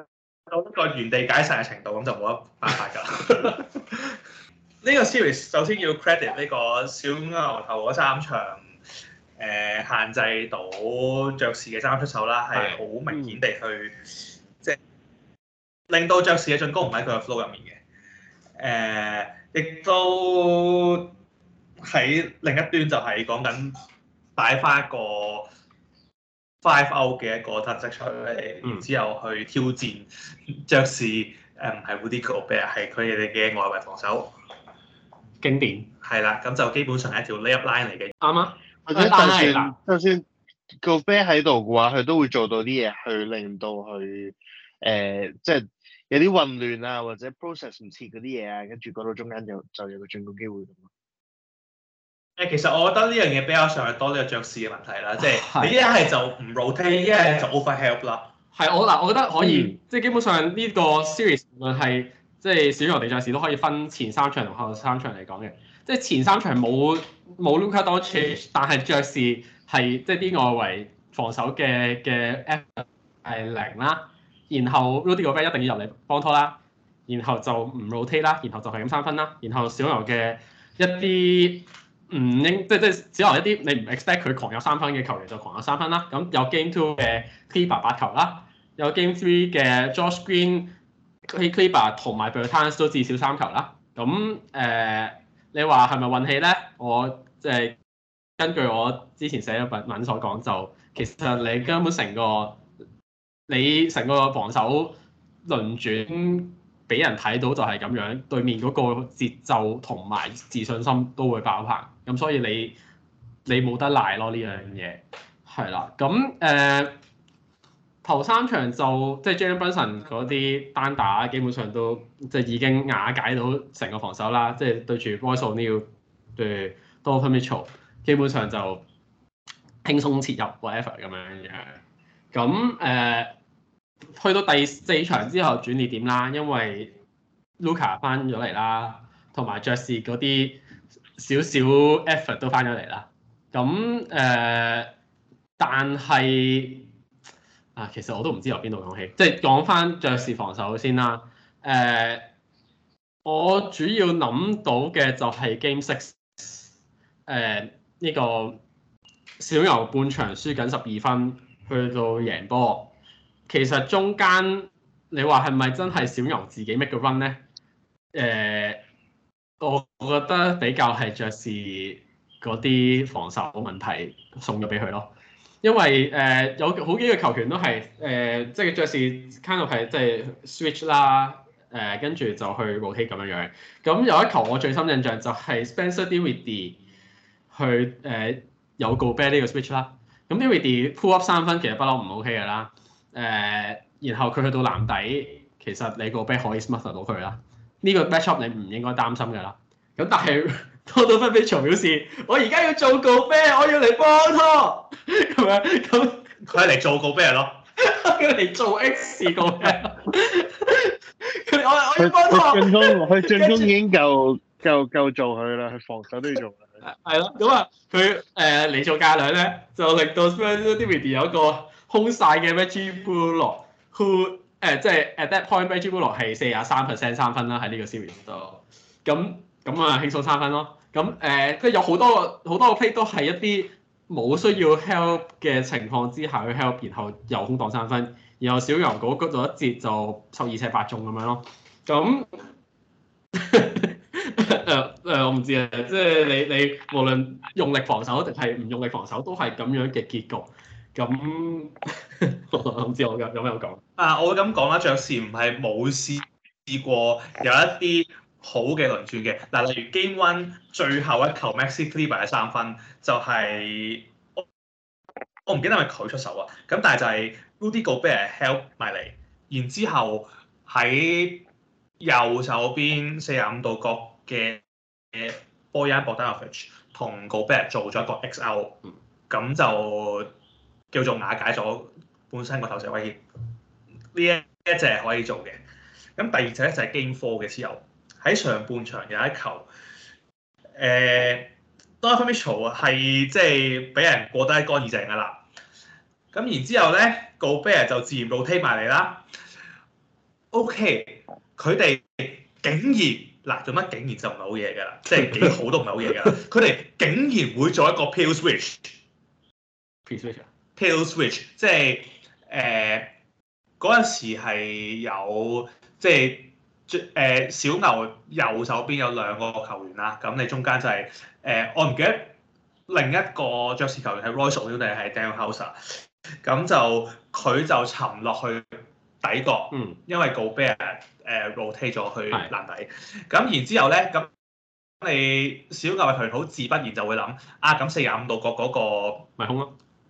到一個原地解散嘅程度，咁就冇得辦法㗎。呢 個 series 首先要 credit 呢個小牛頭嗰三場，誒、呃、限制到爵士嘅三出手啦，係好明顯地去即係的、就是、令到爵士嘅進攻唔喺佢個 flow 入面嘅。誒、呃，亦都。喺另一端就係講緊擺翻一個 five 歐嘅一個特色出嚟，然之後去挑戰爵士誒，唔係蝴蝶 d e 係佢哋嘅外圍防守。經典。係啦，咁就基本上係一條 layup line 嚟嘅。啱啊。或者就算就算個 b 喺度嘅話，佢都會做到啲嘢去令到佢，誒、即、呃、係、就是、有啲混亂啊，或者 process 唔切嗰啲嘢啊，跟住過到中間有就，就有個進攻機會咁其實我覺得呢樣嘢比較上係多呢、呢個爵士嘅問題啦，即係你一係就唔 rotate，一係就 overhelp 啦。係我嗱，我覺得可以，嗯、即係基本上呢個 series，無論係即係小牛定爵士都可以分前三場同後三場嚟講嘅。即係前三場冇冇 Luka 多 change，但係爵士係即係啲外圍防守嘅嘅 eff 係零啦，0，然後 Lodi 個 ball 一定要入嚟幫拖啦，然後就唔 rotate 啦，然後就係咁三分啦，然後小牛嘅一啲。唔應、嗯、即係即係，只係一啲你唔 expect 佢狂有三分嘅球員就狂有三分啦。咁有 Game Two 嘅 Kleber 八球啦，有 Game Three 嘅 Josh Green、K、Kleber 同埋 Bertans 都至少三球啦。咁誒、呃，你話係咪運氣咧？我即誒、就係、根據我之前寫咗份文所講、就係，就其實你根本成個你成個防守輪轉。俾人睇到就係咁樣，對面嗰個節奏同埋自信心都會爆棚，咁所以你你冇得賴咯呢樣嘢，係啦。咁誒、呃、頭三場就即係、就是、Jalen Brunson 嗰啲單打，基本上都即係、就是、已經瓦解到成個防守啦，即、就、係、是、對住 ball 數你要對 Donovan Mitchell，基本上就輕鬆切入 whatever 咁樣樣。咁誒、呃去到第四場之後轉捩點啦，因為 Luka 翻咗嚟啦，同埋爵士嗰啲少少 effort 都翻咗嚟啦。咁誒、呃，但係啊，其實我都唔知由邊度講起，即係講翻爵士防守先啦。誒、呃，我主要諗到嘅就係 Game Six，誒、呃、呢、這個小牛半場輸緊十二分，去到贏波。其實中間你話係咪真係小牛自己 make 個 run 咧？誒、呃，我覺得比較係爵士嗰啲防守問題送咗俾佢咯。因為誒、呃、有好幾個球權都係誒，即係爵士 handle 係即係 switch 啦，誒跟住就去 ok 咁樣樣。咁有一球我最深印象就係 Spencer Dinwiddie 去誒、呃、有 Gobert 呢個 switch 啦。咁 Dinwiddie pull up 三分其實不嬲唔 ok 嘅啦。誒、嗯，然後佢去到籃底，其實你、這個 back 可以 smother 到佢啦。呢個 matchup 你唔應該擔心嘅啦。咁但係都都分俾喬表示，我而家要做 guard 我要嚟幫他咁樣。咁佢係嚟做 guard 咯，佢嚟做 X guard 佢我我要該進攻，佢進攻，後攻已經夠夠夠做佢啦，佢防守都要做啦。係咯，咁啊，佢誒嚟做架女咧，就令到 Spencer Dinwiddie 有一個。空晒嘅 MagicBlue Who 誒即係 At That Point MagicBlue 係四十三 percent 三分啦，喺呢個 Series 度。咁咁啊，輕鬆三分咯。咁誒，跟、uh, 住有好多好多 Play 都係一啲冇需要 Help 嘅情況之下去 Help，然後又空檔三分，然後小羊嗰嗰度一節就十二尺八中咁樣咯。咁誒誒，我唔知啊，即、就、係、是、你你無論用力防守定係唔用力防守，都係咁樣嘅結局。咁唔知我有有咩講？啊，我會咁講啦，爵士唔係冇試試過有一啲好嘅輪轉嘅。嗱，例如 Game One 最後一球 Maxi Kleber 嘅三分，就係、係、我唔記得係咪佢出手啊？咁但係就係 Rudy Gobert help 埋嚟，然之後喺右手邊四十五度角嘅 Bojan Bogdanovic 同 Gobert 做咗一個 XO 咁就。叫做瓦解咗本身個投射威脅，呢一隻可以做嘅。咁第二隻咧就係 game four 嘅時候，喺上半場有一球，誒 Darren Mitchell 係即係俾人過得一乾二淨嘅啦。咁然之後咧 Gobert 就自然到踢埋嚟啦。OK，佢哋竟然嗱做乜竟然就唔係好嘢㗎啦，即係幾好都唔係好嘢㗎。佢哋 竟然會做一個 peel switch。Peace, Taylor switch 即係誒嗰陣時係有即係誒、呃、小牛右手邊有兩個球員啦，咁你中間就係、是、誒、呃、我唔記得另一個爵士球員係 Royce O'Neale 定係 Danuel House，咁就佢就沉落去底角，嗯，因為呃、Gobert rotate 咗去籃底，咁是的 然之後咧咁你小牛嘅球員好自不然就會諗啊，咁四十五度角嗰、那個咪空咯、啊。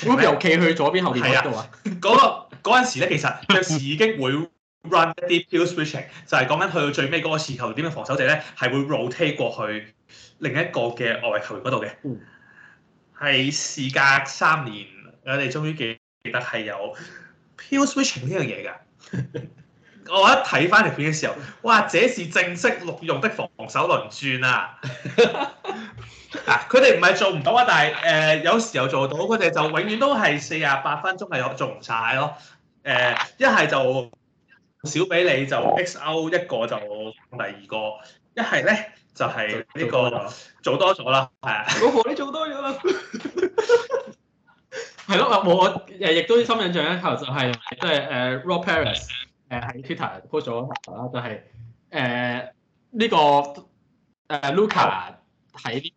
會被我企去左邊後邊嗰度啊！嗰、那個嗰陣、那個、時咧，其實爵士已經會 run 一啲 peel switching，就係講緊去到最尾嗰個時候點樣防守者咧，係會 rotate 過去另一個嘅外圍球員嗰度嘅。係事、嗯、隔三年，我哋終於記得係有 peel switching 呢樣嘢噶。我一睇翻條片嘅時候，哇！這是正式錄用的防守輪轉啊！ 嗱，佢哋唔係做唔到啊，但係誒、呃、有時候做到，佢哋就永遠都係四十八分鐘係有做唔晒咯。誒、呃，一係就少俾你就,就 XO 一個就第二個，一係咧就係、是、呢、這個做多咗啦。我我呢做多咗啦，係咯，我誒亦都深印象一頭就係即係誒 Rob Paris 誒喺 Twitter post 咗啦，就係誒呢個誒、呃、Luka 喺。啊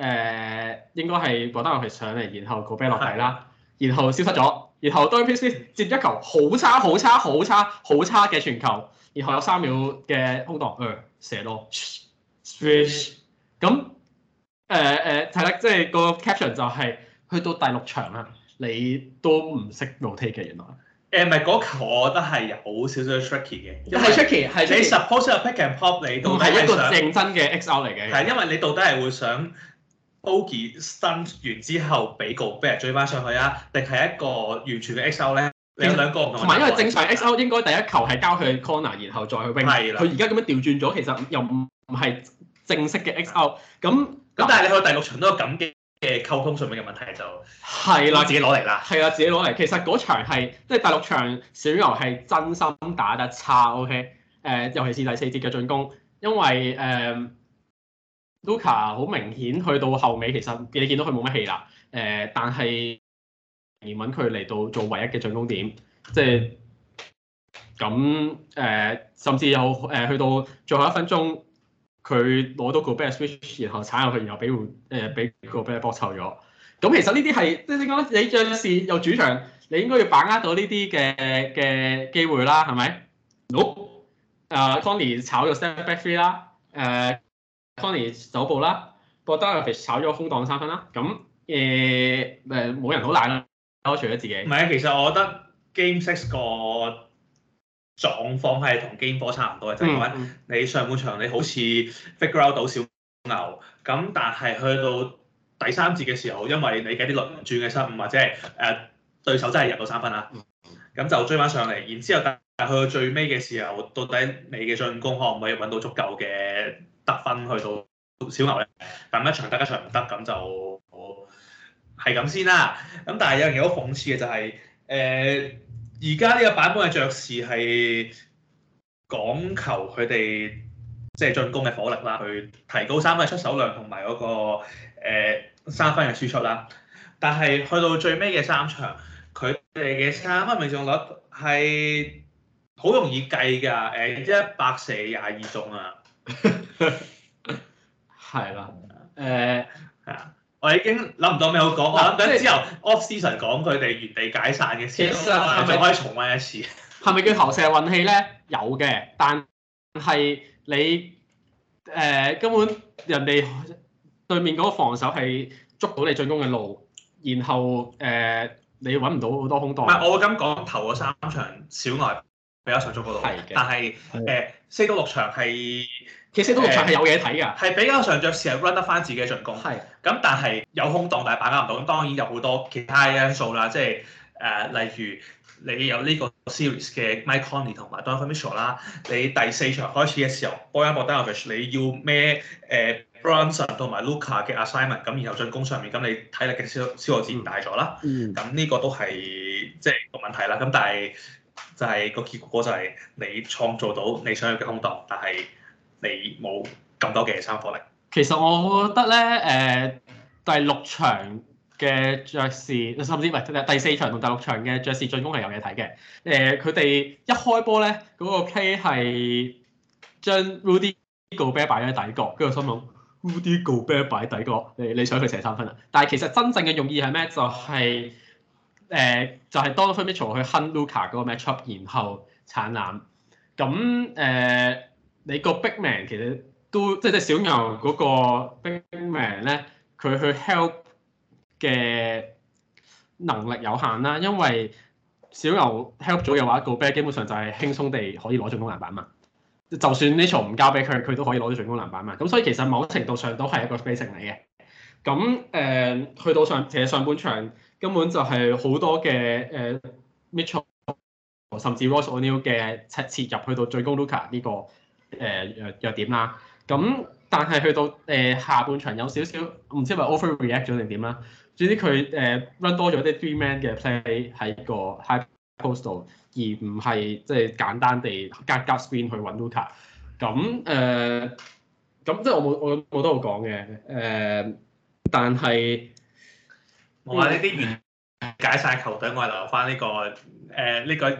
誒、呃、應該係博德曼係上嚟，然後個啤落底啦，啊、然後消失咗，然後多一啤先接一球好差好差好差好差嘅傳球，然後有三秒嘅空檔，誒、呃、射多 swish 咁誒誒係啦，即係個 caption 就係、是、去到第六場啦，你都唔識 rotate 嘅原來誒唔係嗰球我覺得係有好少少 tricky 嘅，係 tricky 係你 suppose 有 pick and pop 你都唔係一個正真嘅 e xo 嚟嘅，係因為你到底係會想。Ogil 森完之後俾個 b a c 追翻上去啊，定係一個完全嘅 XO 咧？兩實兩個唔同。埋因為正常 XO 應該第一球係交去 corner，然後再去 wing。係啦的。佢而家咁樣調轉咗，其實又唔唔係正式嘅 XO 的。咁咁那但係你喺第六場都有感激嘅溝通上面嘅問題，就係啦，自己攞嚟啦。係啊，自己攞嚟。其實嗰場係即係第六場小牛係真心打得差。OK，誒、uh, 尤其是第四節嘅進攻，因為誒。Uh, Luka 好明顯去到後尾，其實你見到佢冇乜氣啦。誒、呃，但係揾佢嚟到做唯一嘅進攻點，即係咁誒，甚至有誒、呃、去到最後一分鐘，佢攞到個 bad switch，然後踩入去，然後俾換誒俾個 back 波臭咗。咁、呃嗯、其實呢啲係即係點講，你爵士又主場，你應該要把握到呢啲嘅嘅機會啦，係咪？No，啊，Tony 炒咗 step back three 啦，誒、呃。c o n y 走步啦，覺得佢炒咗空檔三分啦。咁誒誒，冇、呃、人好賴啦，除咗自己。唔係啊，其實我覺得 Game Six 個狀況係同 Game Four 差唔多嘅，嗯、就係講你上半場你好似 figure out 到小牛咁，但係去到第三節嘅時候，因為你嘅啲輪轉嘅失誤或者係誒、呃、對手真係入到三分啦，咁就追翻上嚟。然之後，但係去到最尾嘅時候，到底你嘅進攻可唔可以揾到足夠嘅？得分去到小牛咧，咁一場得一場唔得，咁就好，係咁先啦。咁但係有樣嘢好諷刺嘅就係、是，誒而家呢個版本嘅爵士係講求佢哋即係進攻嘅火力啦，去提高三分嘅出手量同埋嗰個誒三分嘅輸出啦。但係去到最尾嘅三場，佢哋嘅三分命中率係好容易計㗎，誒一百四廿二中啊！係 啦，誒、呃，係啊，我已經諗唔到咩好講，但我諗緊之後，Offseason 講佢哋原地解散嘅事，咪是可，可以重溫一次。係咪叫投射運氣咧？有嘅，但係你誒、呃、根本人哋對面嗰個防守係捉到你進攻嘅路，然後誒、呃、你揾唔到好多空檔。唔係，我會咁講投嗰三場小外。比較上足嗰度，但係誒四到六場係，其實四到六場係有嘢睇噶係、呃、比較上爵士係 run 得翻自己嘅進攻，係的，咁但係有空檔，但係把握唔到，咁當然有好多其他因素啦，即係誒、呃、例如你有呢個 series 嘅 Mike Conley 同埋 Donovan Mitchell 啦，你第四場開始嘅時候 Bojan Bogdanovic 你要孭誒、呃、Brunson 同埋 Luka 嘅 assignment，咁然後進攻上面，咁你體力嘅消消耗自然大咗啦，咁呢、嗯嗯嗯、個都係即係個問題啦，咁但係，就係個結果，就係你創造到你想要嘅空檔，但係你冇咁多嘅三分力。其實我覺得咧，誒、呃、第六場嘅爵士，甚至唔係第四場同第六場嘅爵士進攻係有嘢睇嘅。誒佢哋一開波咧，嗰、那個 play 係將 Rudy Gobert 擺喺底角，跟住心諗 Rudy Gobert 擺喺底角，你你想佢射三分啊？但係其實真正嘅用意係咩？就係、是誒、uh, 就係 Donovan Mitchell 去 hunt Luca 嗰個 matchup，然後產藍。咁誒，uh, 你個 big man 其實都即係即係小牛嗰個 big man 咧，佢去 help 嘅能力有限啦，因為小牛 help 咗嘅話，個 back 基本上就係輕鬆地可以攞進攻籃板嘛。就算 Mitchell 唔交俾佢，佢都可以攞啲進攻籃板嘛。咁所以其實某程度上都係一個 spacing 嚟嘅。咁誒，uh, 去到上其實上半場。根本就係好多嘅誒 Mitchell 甚至 Royce O'Neale 嘅切切入去到最高 Luca 呢個誒誒弱點啦。咁但係去到誒、呃、下半場有少少唔知係咪 overreact 咗定點啦。總之佢誒 run 多咗啲 three man 嘅 play 喺個 high post 度，而唔係即係簡單地隔隔 screen 去揾 Luca。咁誒咁即係我冇我我都會講嘅誒，但係。我話呢啲完，解晒球隊，我留翻呢、這個誒呢、呃這個休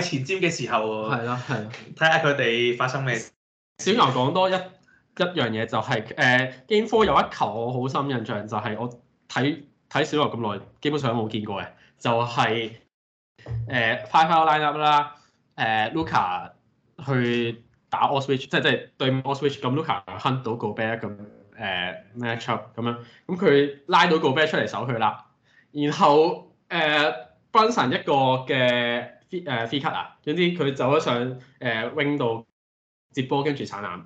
季前瞻嘅時候，係咯係。睇下佢哋發生咩事。小牛講多一一樣嘢就係、是、誒，game、呃、four 有一球我好深印象就，就係我睇睇小牛咁耐，基本上冇見過嘅，就係誒 five out line up 啦、呃，誒 Luka 去打 all switch，即、就、係、是、即係、就是、對 all switch 咁 Luka hunt 到個 big 咁。誒、呃、matchup 咁樣，咁、嗯、佢拉到個 Gobert 出嚟守佢啦，然後誒、呃、Brunson 一個嘅誒 freecut 啊、呃，free cut，總之佢走咗上誒、呃、wing 度接波，跟住搶籃。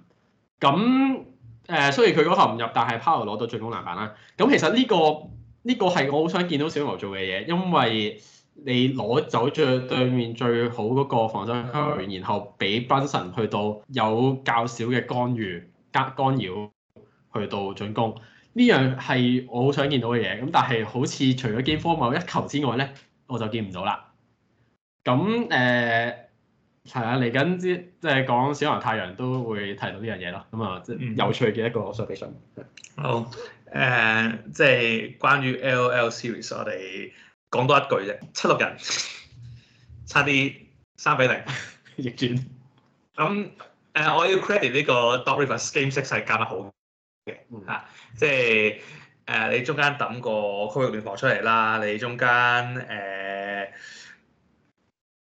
咁、嗯、誒、呃、雖然佢嗰球唔入，但係 Powell 攞到進攻籃板啦。咁、嗯、其實呢、這個呢、這個係我好想見到小牛做嘅嘢，因為你攞走最對面最好嗰個防守區，然後俾 Brunson 去到有較少嘅干預、間干擾。去到進攻，呢樣係我好想見到嘅嘢，咁但係好似除咗堅科某一球之外咧，我就見唔到啦。咁誒係啊，嚟緊之即係講小牛太陽都會提到呢樣嘢咯。咁啊、嗯呃，即有趣嘅一個 observation 好誒，即係關於 L.O.L. series，我哋講多一句啫，七六人差啲三比零 逆轉。咁誒、嗯呃，我要 credit 呢個 Doc Rivers Game Six 係加得好。嚇、嗯啊，即係誒、呃、你中間抌個區域聯防出嚟啦，你中間誒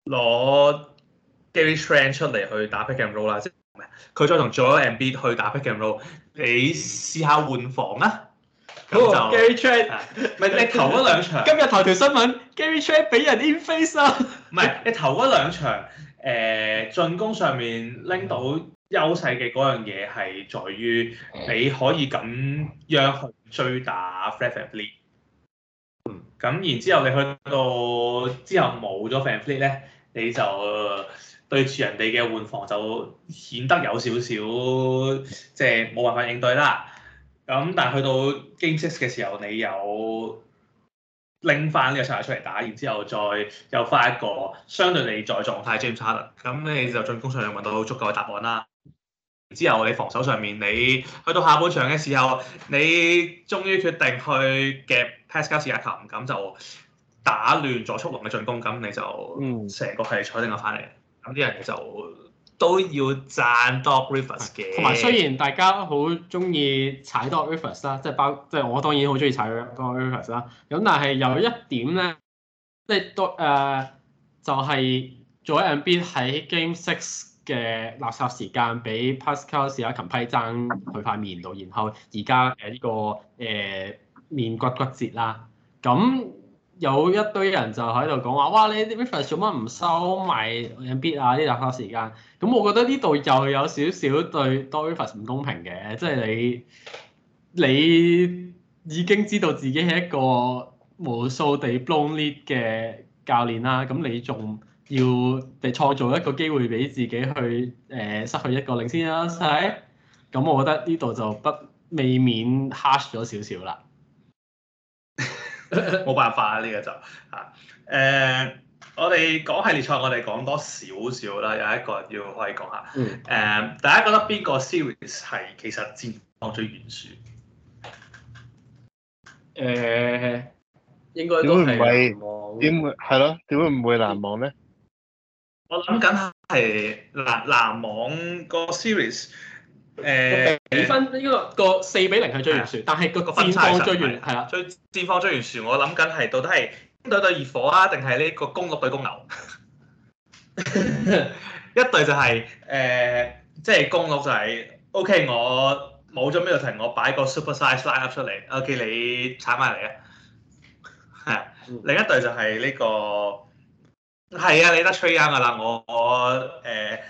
攞、呃、Gary Trent 出嚟去打 Pick and Roll 啦，即係佢再同咗 MB 去打 Pick and Roll，你試下換防啦，咁 Gary Trent 唔係你投嗰兩場，今日頭條新聞 Gary Trent 俾人 in face 啦，唔係你投嗰兩場，誒進攻上面拎到、嗯。優勢嘅嗰樣嘢係在於你可以咁樣去追打 VanVleet，嗯，咁然之後你去到之後冇咗 VanVleet 咧，你就對住人哋嘅換防就顯得有少少即係冇辦法應對啦。咁但係去到 game six 嘅時候，你有拎翻呢個雙鞋出嚟打，然之後再又翻一個相對你在狀態 jam 差啦，咁你就進攻上揾到足夠嘅答案啦。之後你防守上面，你去到下半場嘅時候，你終於決定去夾 Pascal 史亞琴，咁就打亂咗速龍嘅進攻，咁你就成個係坐定我翻嚟，咁啲人就都要讚 Doc Rivers 嘅、嗯。同埋雖然大家好中意踩 Doc Rivers 啦，即係包，即係我當然好中意踩 Doc Rivers 啦，咁但係有一點咧，即係 Doc 誒，就係咗喺 NBA 喺 Game Six 嘅垃圾時間俾 Pascal s 試下擒批爭佢塊面度，然後而家誒呢個誒、呃、面骨骨折啦，咁有一堆人就喺度講話，哇！你啲 Rivers 做乜唔收埋 NBA 啊啲垃圾時間？咁我覺得呢度又有少少對 Doc Rivers 唔公平嘅，即係你你已經知道自己係一個無數地 blown lead 嘅教練啦，咁你仲？要嚟創造一個機會俾自己去誒、呃、失去一個領先啊！係，咁我覺得呢度就不未免 harsh 咗少少啦。冇辦法啊！呢個就嚇誒，我哋講系列賽，我哋講多少少啦。有一個要可以講下。誒，大家覺得邊個 series 係其實戰況最懸殊？誒、呃，應該都係。點會唔點會咯？點會唔會難忘咧？我諗緊係嗱籃網個 series，誒、欸、比分呢、這個個四比零係追完船，但係個分差追完係啦，追戰方追完船、就是。我諗緊係到底係公隊對熱火啊，定係呢個公鹿對公牛？一隊就係、是、誒，即係公鹿就係、是就是、OK，我冇咗咩問題，我擺個 super size line up 出嚟，OK 你踩埋嚟啊。係，另一隊就係呢、這個。係啊，你得吹啊啦，我我誒、呃、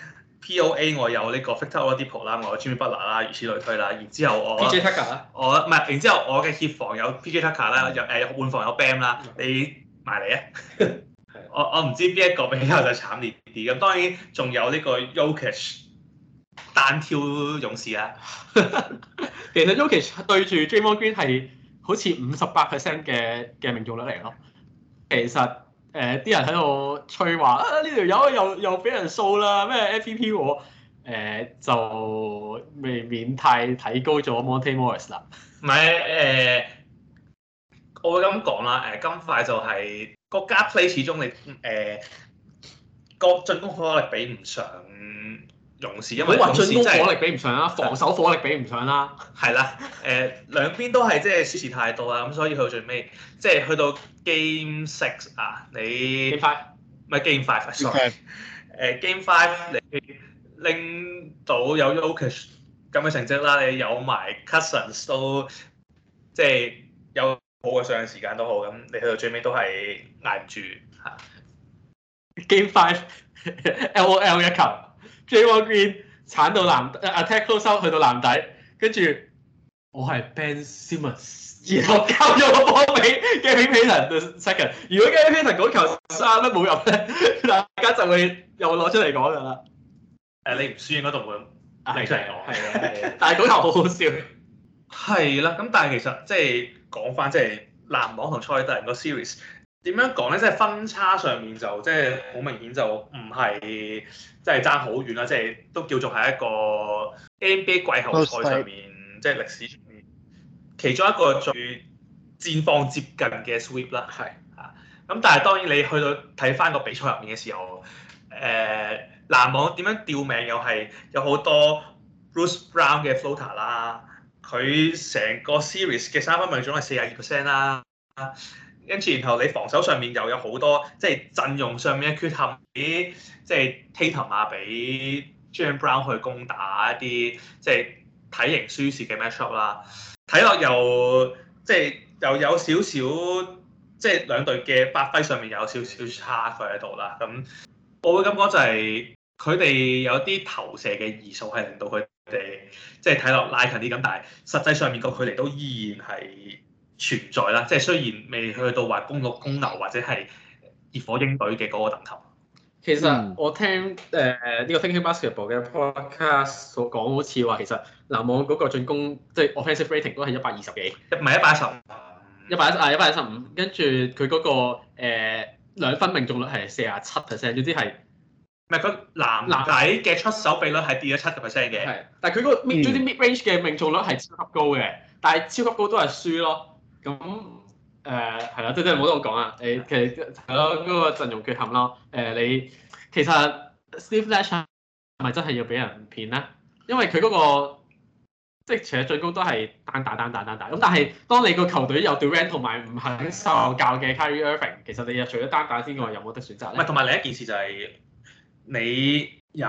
poa 我有呢個 Victor Oladipo 啦，我有 Jimmy Butler 啦，如此類推啦，然之後我 P.J. Tucker，我唔係，然之後我嘅協防有 P.J. Tucker 啦、呃，換房有誒換防有 Bam 啦，你埋嚟啊？我我唔知邊一個比較就慘烈啲咁，當然仲有呢個 Jokic 單挑勇士啦、 ok。其實 Jokic 對住 Draymond Green 係好似五十八 percent 嘅嘅命中率嚟咯，其實。誒啲、呃、人喺度吹話啊，呢條友又又俾人掃啦，咩 A P P 我誒、呃、就未免太睇高咗 Monty Morris 啦。唔係誒，我會咁講啦，誒金塊就係、是、國家 play，始終你誒個、呃、進攻火力比唔上。勇士因為勇士即係進攻火力比唔上啦，防守火力比唔上啦，係啦，誒兩邊都係即係輸蝕太多啊，咁所以去到最尾即係去到 game six 啊，你 game five 咪 game five sorry 啊，誒 game five 你拎到有 Rookie 咁嘅成績啦，你有埋 Cousins 都即係有好過上嘅時間都好，咁你去到最尾都係捱唔住嚇，game five L O L 一球。James Harden 鏟到藍，啊，Attack close out 去到藍底，跟住我係 Ben Simmons，然後交咗個波俾 James Harden second。如果 James Harden 嗰球三粒冇入咧，大家就會又攞出嚟講噶啦。誒，你唔輸應該都唔會攞出嚟講，係，但係嗰球好好笑。係啦， 咁但係其實即係講翻，即係籃網同賽特人個 series。點樣講咧？即係分差上面就即係好明顯就唔係即係爭好遠啦！即係都叫做係一個 NBA 季後賽上面的即係歷史上面其中一個最戰況接近嘅 Sweep 啦。係啊的，咁但係當然你去到睇翻個比賽入面嘅時候，誒、呃、籃網點樣吊命又係有好多 Bruce Brown 嘅 Floater 啦，佢成個 Series 嘅三分命中係四十二 percent 啦。跟住，然後你防守上面又有好多，即係陣容上面嘅缺陷俾，即係 Tatum 啊，俾 James Brown 去攻打一啲，即係體型輸蝕嘅 matchup 啦。睇落又即係又有少少，即係兩隊嘅發揮上面有少少差距喺度啦。咁我會感覺就係佢哋有啲投射嘅疑數係令到佢哋，即係睇落拉近啲咁，但係實際上面個距離都依然係存在啦，即係雖然未去到話公鹿公牛或者係熱火鷹隊嘅嗰個等級。其實我聽誒呢、嗯呃呢個 Thinking Basketball 嘅 podcast 所講，好似話其實籃網嗰個進攻，即係 offensive rating 都係一百二十幾，唔係一百一十，一百一啊一百一十五。跟住佢嗰個誒兩分命中率係四十七 percent，總之係唔係分，男男仔嘅出手比率係跌咗七十 percent 嘅，係，但係佢嗰個 mid 總之 mid range 嘅命中率係超級高嘅，但係超級高都係輸咯。咁誒係啦，即係即係冇得講啊！你其實係咯，嗰個陣容缺陷咯。誒、呃、你其實 Steve Nash 咪真係要俾人騙咧，因為佢嗰、嗰個即係其實進攻都係單打單打單打。咁但係當你個球隊有 Durant 同埋唔肯受教嘅 Kyrie Irving，其實你又除咗單打之外，有冇得選擇？唔係，同埋另一件事就係、是、你有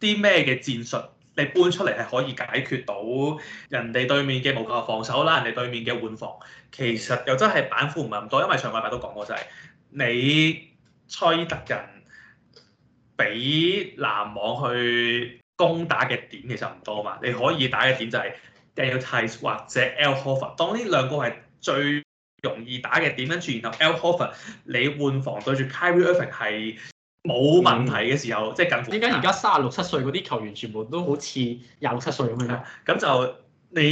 啲咩嘅戰術？你搬出嚟係可以解決到人哋對面嘅無球防守啦，人哋對面嘅換防其實又真係板庫唔係咁多，因為上個禮拜都講過就係你塞爾特人俾籃網去攻打嘅點其實唔多嘛，你可以打嘅點就係 Theis 或者 Al Horford 當呢兩個係最容易打嘅點，跟住然後 Al Horford 你換防對住 Kyrie Irving 係。冇問題嘅時候，即係點解而家三啊六七歲嗰啲球員全部都好似廿六七歲咁樣咁、嗯、就你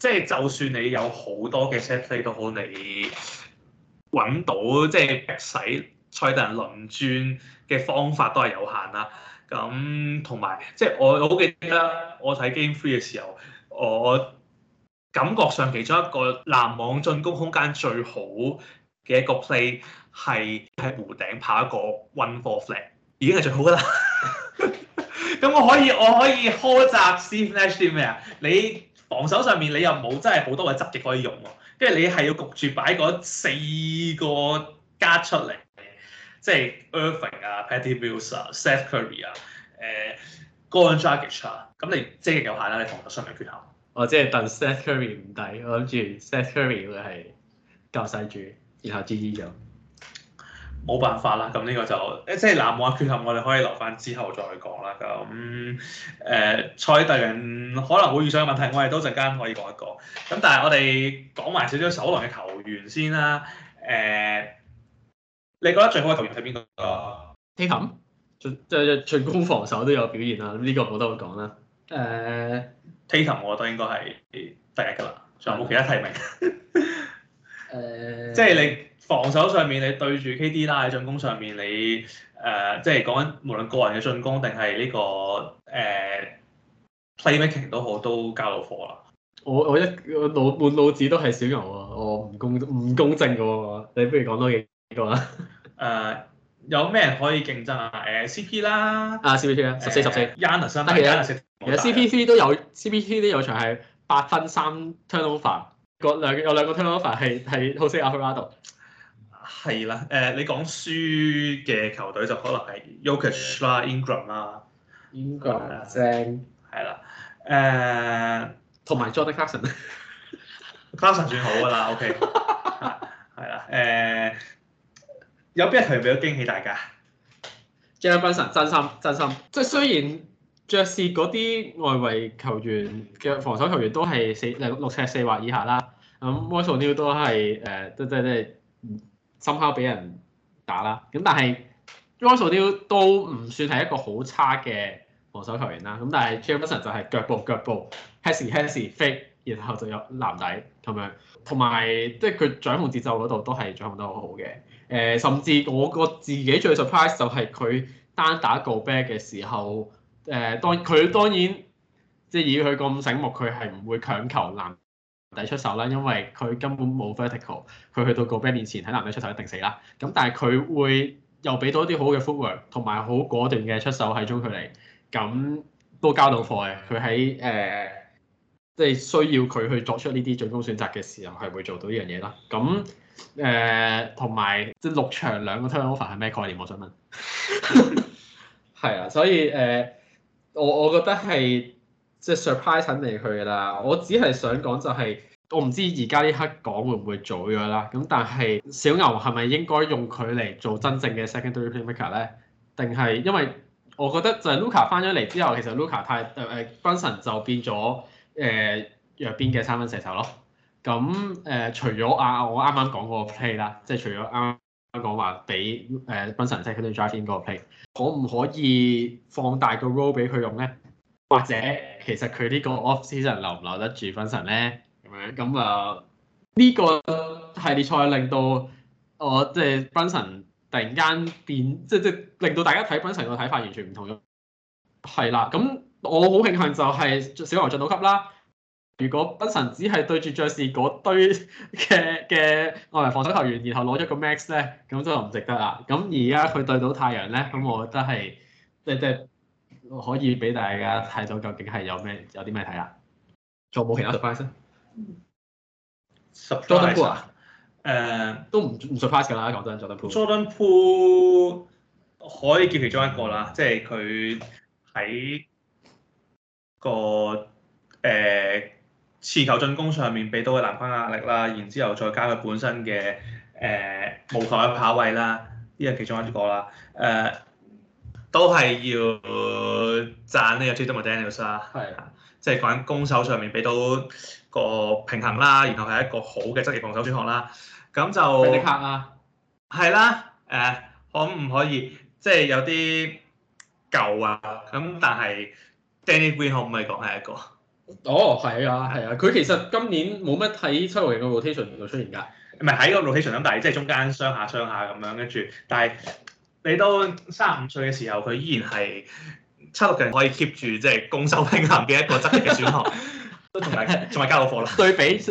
即係、就是、就算你有好多嘅 set play 都好，你搵到即係迫使賽定輪轉嘅方法都係有限啦。咁同埋即係我好記得，我睇 Game Three 嘅時候，我感覺上其中一個籃網進攻空間最好，嘅一個 play 係喺湖頂跑一個 one four flat 已經係最好噶啦，咁 我可以我可以苛責 Steve Nash 啲咩啊？你防守上面你又冇真係好多位集極可以用喎，跟住你係要焗住擺嗰四個 guard 出嚟，即係 Irving 啊、Patty Mills 啊、Seth Curry 啊、誒 Gordon Dragic 啊，咁你即係有限啦，你防守上面缺口。我即係鄧 Seth Curry 唔抵，我諗住 Seth Curry 會係救曬住。以下之之就冇辦法啦，咁呢個就誒即係南網缺陷，我哋可以留返之後再講啦。咁誒，賽、呃、特人可能會遇上嘅問題，我哋都陣間可以講一講。咁但係我哋講埋少少首輪嘅球員先啦。誒、呃，你覺得最好嘅球員係邊個？Tatum 進進進攻防守都有表現啦。咁、這、呢個冇得會講啦。誒、uh,，Tatum，我覺得應該係第一噶啦，仲有冇其他提名的？ 誒，即係你防守上面你對住 KD 啦，進攻上面你誒、呃，即係講緊無論個人嘅進攻定係呢個誒、呃、playmaking 都好，都交到貨啦。我一我一腦半腦子都係小牛啊，我、哦、唔公唔公正嘅，你不如講多幾個啦。誒、 呃，有咩人可以競爭啊？誒、呃、，CP 啦。啊、uh,，CP 啦、呃，十四十四。Yanis 啊，得嘅啊。其實,實 CPT 都有，CPT 都有場係八分三 turnover。個兩有兩個 transfer 係係好識阿弗拉度。係啦，誒，你講輸嘅球隊就可能係 Jokic 啦、Ingram 啦，Ingram 正係啦，誒，同埋 Jordan Clarkson，Clarkson 算好噶啦，OK，係啦，誒，有邊一隊比較驚喜大家？Brunson 真心真心，即係雖然。爵士嗰啲外圍球員嘅防守球員都係四六尺四或以下啦。咁 Royce O'Neale 都係誒都即係深刻俾人打啦。咁但係 Royce O'Neale 都唔算係一個好差嘅防守球員啦。咁但係 Jameson 就係腳步腳步 hesi hesi fake 然後就有籃底咁樣，同埋即係佢掌控節奏嗰度都係掌控得好好嘅。誒、呃，甚至我個自己最 surprise 就係佢單打個 Gobert 嘅時候。誒，當佢、呃、當然即係以佢咁醒目，佢係唔會強求男仔出手啦，因為佢根本冇 vertical，佢去到個 back 面前，睇男仔出手一定死啦。咁但係佢會又俾到一啲好嘅 footwork 同埋好果斷嘅出手喺中距離，咁都交到貨嘅。佢喺誒即係需要佢去作出呢啲進攻選擇嘅時候，係會做到呢樣嘢啦。咁誒同埋即係六場兩個 turnover 係咩概念？我想問。係 啊，所以誒。呃我我覺得係即係、就是、surprise 緊嚟佢啦，我只係想講就係、是、我唔知而家呢刻講會唔會早咗啦，咁但係小牛係咪應該用佢嚟做真正嘅 secondary playmaker 咧？定係因為我覺得就係 Luka 翻咗嚟之後，其實 Luka 太誒 Brunson 就變咗誒弱邊嘅三分射手咯。咁誒、呃、除咗啊我啱啱講嗰個 play 啦，即、就、係、是、除咗啱、啊。香港話俾誒 Brunson 即係佢要 drive in 嗰個 play 可唔可以放大個 role 俾佢用咧？或者其實佢呢個 off season 留唔留得住 Brunson 咧？咁樣咁啊，呢、呃呢個系列賽令到我即係、就是、Brunson 突然間變，即、就、即、是就是、令到大家睇 Brunson 個睇法完全唔同咗。係啦，咁我好慶幸就係小牛進到級啦。如果不神只係對住爵士嗰堆嘅嘅外圍防守球員，然後攞咗個 max 咧，咁就唔值得啦。咁而家佢對到太陽咧，咁我覺得係即係即係可以俾大家睇到究竟係有咩有啲咩睇啦。仲冇其他 surprise？Jordan Poole 啊？誒，都唔唔 surprise 噶啦，講真，Jordan Poole、uh, Jordan Poole 可以叫其中一個啦，即係佢喺個誒。持球進攻上面俾到嘅籃筐壓力啦，然之後再加佢本身嘅誒、呃、無球嘅跑位啦，呢係其中一個啦。誒、呃，都係要讚呢個 Jordan Daniels 啦，係的，即係講攻守上面俾到個平衡啦，然後係一個好嘅側翼防守專項啦。咁就係啲客啊，係啦，誒、呃，可唔可以即係有啲舊啊？咁但係 Danny Green 可唔可以講係一個？哦，係、oh, 啊，係啊，佢其實今年冇乜睇七六人嘅 rotation 度出現㗎。唔係喺個 rotation 咁、就是，但係即係中間商下商下咁樣跟住。但係你到三十五歲嘅時候，佢依然係七六人可以 keep 住即係攻守平衡嘅一個側翼嘅選項， 都仲係仲係交到貨啦。 對比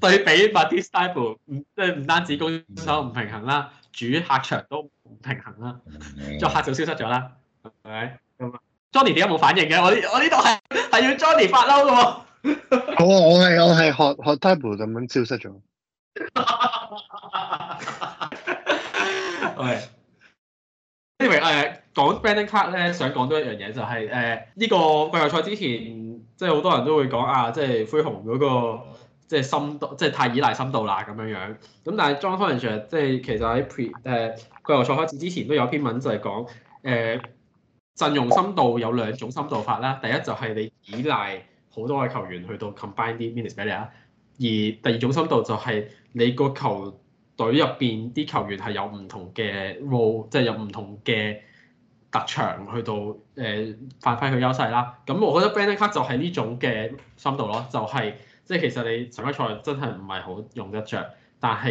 對比，八 D style 即係唔單止攻守唔平衡啦，主客場都唔平衡啦，作客就消失咗啦，係咪咁？Johnny 點解冇反應嘅？我呢我呢度係係要 Johnny 發嬲嘅喎。好啊，我係我係學學 table 咁樣消失咗。喂，因為誒講 Brandon Clark 咧，想講多一樣嘢就係誒呢個季後賽之前，即係好多人都會講啊，就是那個、即係灰熊嗰個即係深度，即係太依賴深度啦咁樣樣。咁但係 John Hollinger 即係其實喺 pre 誒、呃、季後賽開始之前都有篇文就係講誒。呃陣容深度有兩種深度法啦，第一就係你依賴好多嘅球員去到 combine 啲 minutes 俾你啊，而第二種深度就係你個球隊入邊啲球員係有唔同嘅 role，即係有唔同嘅特長去到誒發揮佢優勢啦。咁、呃、我覺得 b a n d i n Cup 就係呢種嘅深度咯，就係即係其實你常規賽真係唔係好用得着，但係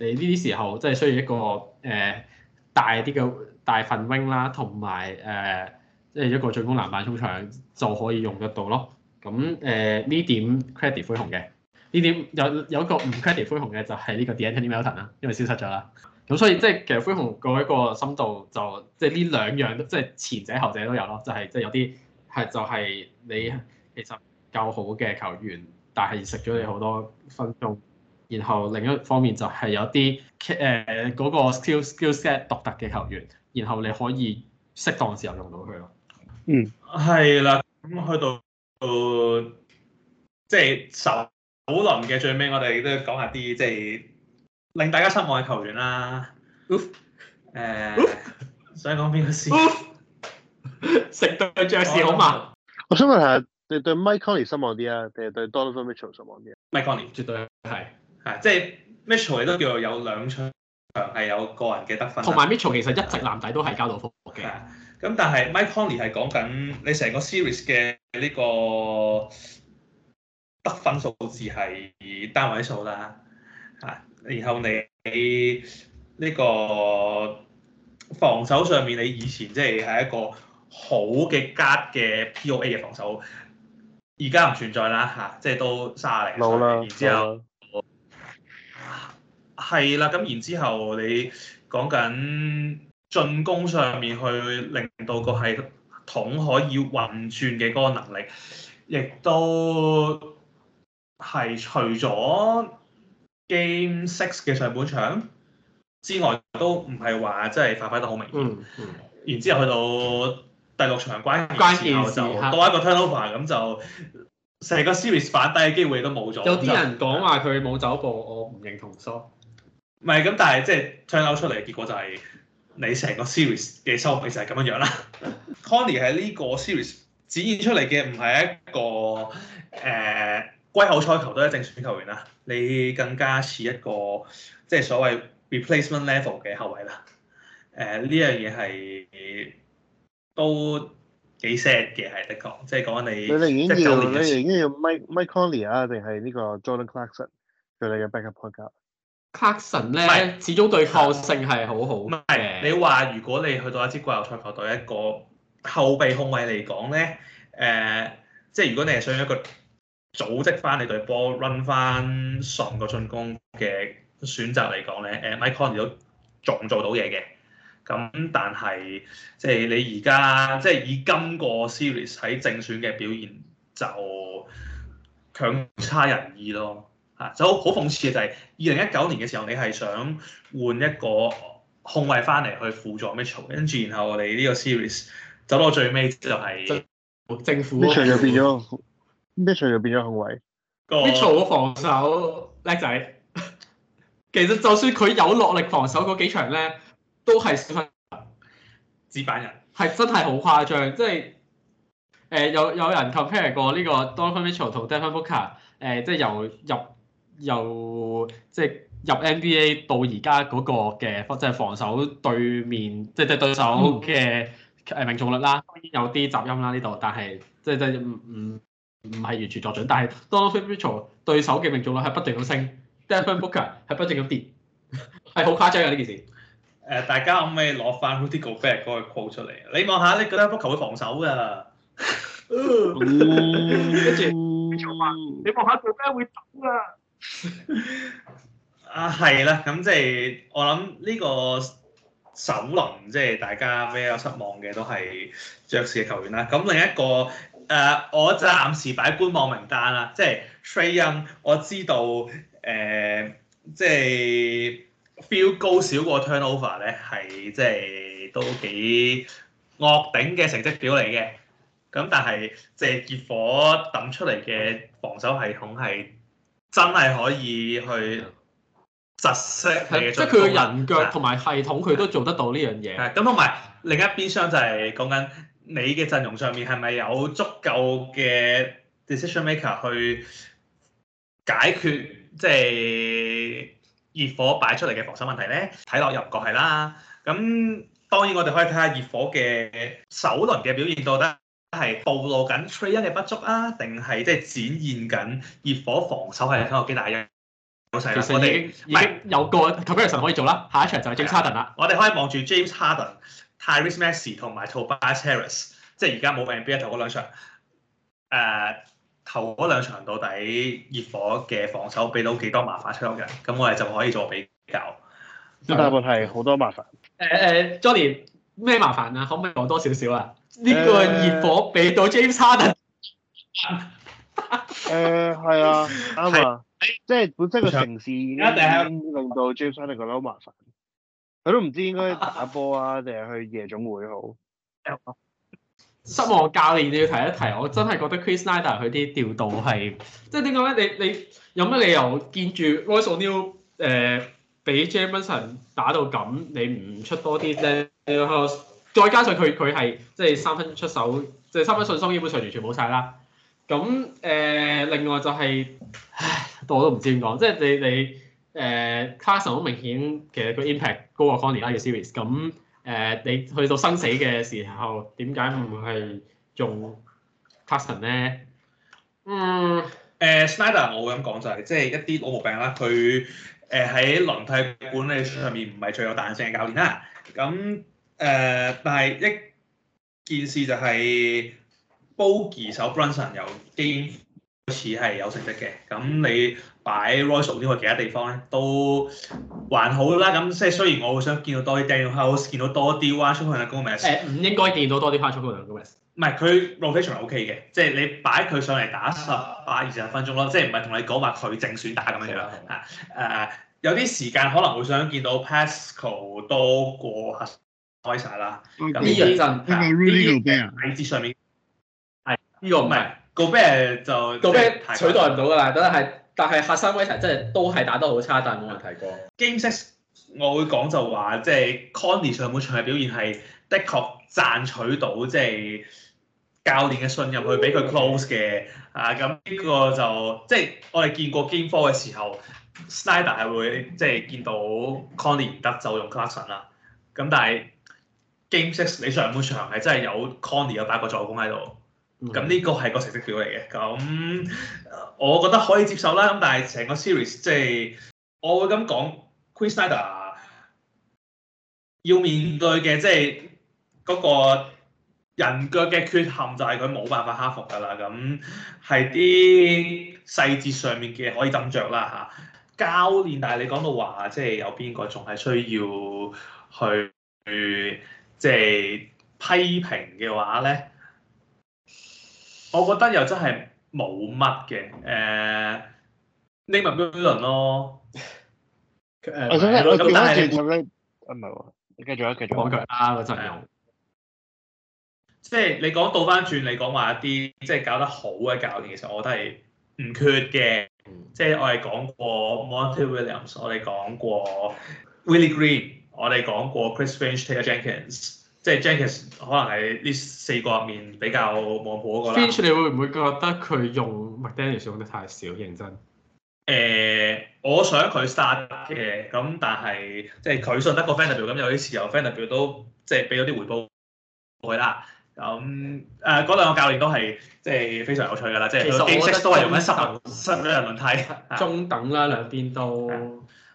你呢啲時候即係需要一個誒、呃、大啲嘅。大份 wing 啦、啊，同埋誒，即係一個進攻籃板衝搶就可以用得到咯。咁誒呢點 credit 灰熊嘅呢點有有一個唔 credit 灰熊嘅就係呢個 De'Anthony Melton 啦、啊，因為消失咗啦。咁所以即係其實灰熊個一個深度就即係呢兩樣都即係前者後者都有咯，就係即係有啲係就係你其實夠好嘅球員，但係食咗你好多分鐘。然後另一方面就係有啲誒嗰個 skill skill set 獨特嘅球員。然後你可以適當嘅時候用到佢咯、嗯。嗯，係啦。咁去到，即係首首輪嘅最尾，我哋都講下啲即係令大家失望嘅球員啦。誒、 呃，想講邊個先？食對爵士好嘛？我想問下，你對 Mike Conley 失望啲啊，定係對 Donovan Mitchell 失望啲啊？Mike Conley 絕對係，即係 Mitchell 亦都叫做有兩槍。係有個人嘅得，得分，同埋 Mitchell 其實一直男仔都係交到服嘅。咁但係 Mike Conley 係講緊你成個 series 嘅呢個得分數字係單位數啦。嚇，然後你呢個防守上面，你以前即係係一個好嘅 guard 嘅 POA 嘅防守，而家唔存在啦。嚇，即係都卅零歲，然之後。係啦，咁然之後你講緊進攻上面去令到個系統可以運轉嘅嗰個能力，亦都係除咗 Game Six 嘅上半場之外，都唔係話真係發揮得好明顯。嗯嗯。然之後去到第六場關鍵時刻就多一個 Turnover，咁、啊、就成個 Series 反低嘅機會都冇咗。有啲人講話佢冇走步，我唔認同。唔係咁，但係即係 turn out 出嚟嘅結果就係你成個 series 嘅收尾就係咁樣樣啦。Conley 係呢個 series 展現出嚟嘅唔係一個誒季後賽球都係正選球員啦，你更加似一個即係所謂 replacement level 嘅後衛啦。誒呢樣嘢係都幾 sad 嘅係的確，即係講緊你， 你寧願要 你 Mike Mike Conley 啊，定係呢個 Jordan Clarkson 佢哋嘅 backup 卡神咧，是始終對抗性係好好嘅。你話如果你去到一支季後賽球隊一個後備控衛嚟講咧，誒、呃，即係如果你係想一個組織翻你隊波 run 翻上，上個進攻嘅選擇嚟講咧，誒、呃、Mike Conley 都仲做到嘢嘅。咁但、就是就是、係即係你而家即係以今個 series 喺正選嘅表現就強差人意咯。就好好諷刺嘅就係二零一九年嘅時候，你係想換一個控衞翻嚟去輔助 Mitchell，跟住然後我哋呢個 series 走到最尾就係政府、啊 Mitchell。 Mitchell 就變咗，Mitchell 就變咗控衞。Mitchell 嘅防守叻仔， 其實就算佢有落力防守嗰幾場咧，都係小分指板人，係真係好誇張，即係誒、呃、有有人 compare 過呢個 Donovan Mitchell 同 Devin Booker，誒、呃、即係由入。由又即係入 NBA 到而家嗰個嘅防，即係防守對面，即、就、係、是、對對手嘅誒命中率啦。當然有啲雜音啦，呢度，但係即係即係唔唔唔係完全作準。但係 Donovan Mitchell 對手嘅命中率係不斷咁升 Devin Booker 係不斷咁跌，係好誇張嘅呢件事。誒， 大家可唔可以攞翻 Rudy Gobert 嗰個 quote 出嚟？你望下，你覺得 Booker 球、er、會防守㗎？跟住，你望下做咩會走啊？啊，係啦， 咁即係我諗呢個首輪，即係大家比較失望嘅都係爵士嘅球員啦。咁另一個誒、呃，我暫時擺觀望名單啦。即係 Trae Young 我知道誒、呃，即係 field goal 少過 turnover 咧，係即係都幾惡頂嘅成績表嚟嘅。咁但係借熱火抌出嚟嘅防守系統係。真係可以去窒息，你即係佢嘅人腳同埋系統，佢都做得到呢樣嘢。咁同埋另一邊廂就係講緊你嘅陣容上面係咪有足夠嘅 decision maker 去解決即係、就是、熱火擺出嚟嘅防守問題咧？睇落入角係啦。咁當然我哋可以睇下熱火嘅首輪嘅表現都得。係暴露緊 Trae Young 嘅不足啊，定係即係展現緊熱火防守係有幾大？有晒啦，我哋已經有個 comparison 可以做啦。是下一場就係 James Harden 啦。我哋可以望住 James Harden、Tyrese Maxey 同埋 Tobias Harris，即係而家冇 NBA 頭兩場。誒、呃，頭兩場到底熱火嘅防守俾到幾多麻煩出嚟嘅？咁我哋就可以做比較。大部分係好多麻煩。誒誒、呃呃、Johnny 咩麻煩啊？可唔可以講多少少啊？呢個熱火俾到 James Harden，誒係啊，啱啊，即係本身個城市，而家定係令到 James Harden 覺得好麻煩，佢都唔知應該打波啊，定係去夜總會好。失望、啊啊、教練你要提一提，我真係覺得 Chris Knight 佢啲調度係，即係點講咧？你你，你有乜理由見住 Royce O'Neale 俾 James Harden 打到咁？你唔出多啲咧？再加上佢佢係即係三分出手，即係三分信心基本上完全冇晒啦。咁誒、呃，另外就係、是，唉，到我都唔知點講，即係你你誒、呃、Clarkson 好明顯其實個 impact 高過 Conley 嘅 series。咁、呃、誒，你去到生死嘅時候，點解唔係用 Clarkson 咧？嗯，誒、uh，Snyder 我會咁講就係、是，即、就、係、是、一啲老毛病啦。佢誒喺輪替管理上面唔係最有彈性嘅教練啦。咁。誒，但係一件事就係 Bolger 手 Brunson 又已經似係有成績嘅，咁你擺 Roisel 啲去其他地方咧都還好啦。咁即係雖然我會想見到多啲 Daniel House，見到多啲 Pancho Maguire。誒、欸，唔應該見到多啲 Pancho Maguire。唔係，佢 Longfield 仲 OK 嘅，即係你擺佢上嚟打十八、啊、二十分鐘咯，即係唔係同你講話佢正選打咁嘅嘢啊，誒，uh, 有啲時間可能會想見到 Pascal 多過。威晒啦，咁認真啲啲位置上面係呢、這個唔係，告別是就告別取代唔到噶啦，但係但係客山威薩真係都係打得好差，但係冇人提過。嗯、Game Six, 我會講就話、是、即係 Conley 上半場嘅表現係的確賺取到即係、就是、教練嘅信任去俾佢 close 嘅啊，咁呢個就即係我哋見過 Game Four 嘅時候，Snyder 係會即係見到 Conley 唔得就用 Clarkson 啦，咁但係。Game six 你上半場係真係有 Conny 有八個助攻喺度，咁呢個係個成績表嚟嘅，咁我覺得可以接受啦。咁但係成個 series 即係我會咁講，Quin Snyder 要面對嘅即係嗰個人腳嘅缺陷就係佢冇辦法克服㗎啦。咁係啲細節上面嘅可以斟酌啦嚇。教練，但係你講到話即係有邊個仲係需要去？即係批評嘅話咧，我覺得又真係冇乜嘅。誒、呃，匿名論咯。咁、呃、但係你，唔係喎，繼續啊，繼續。繼續繼續啊、我腳拉嗰陣。即係你講倒翻轉，你講話一啲即係搞得好嘅教練，其實我覺得係唔缺嘅。即係、嗯、我哋講過 Monty Williams，我哋講過 Willie Green。我哋講過 Chris Finch、Taylor Jenkins，即係 Jenkins 可能係呢四個入面比較冇譜嗰個啦。Finch，你會唔會覺得佢用 McDaniels 用得太少？認真？誒、欸，我想佢殺嘅，咁但係即係佢信得過 fan 代表，咁有啲時候 fan 代表都即係俾咗啲回報佢啦。咁誒，嗰、呃、兩個教練都係即係非常有趣㗎啦，即、就、係、是、其實我覺得都係用得濕濕兩輪胎，啊、中等啦，兩邊都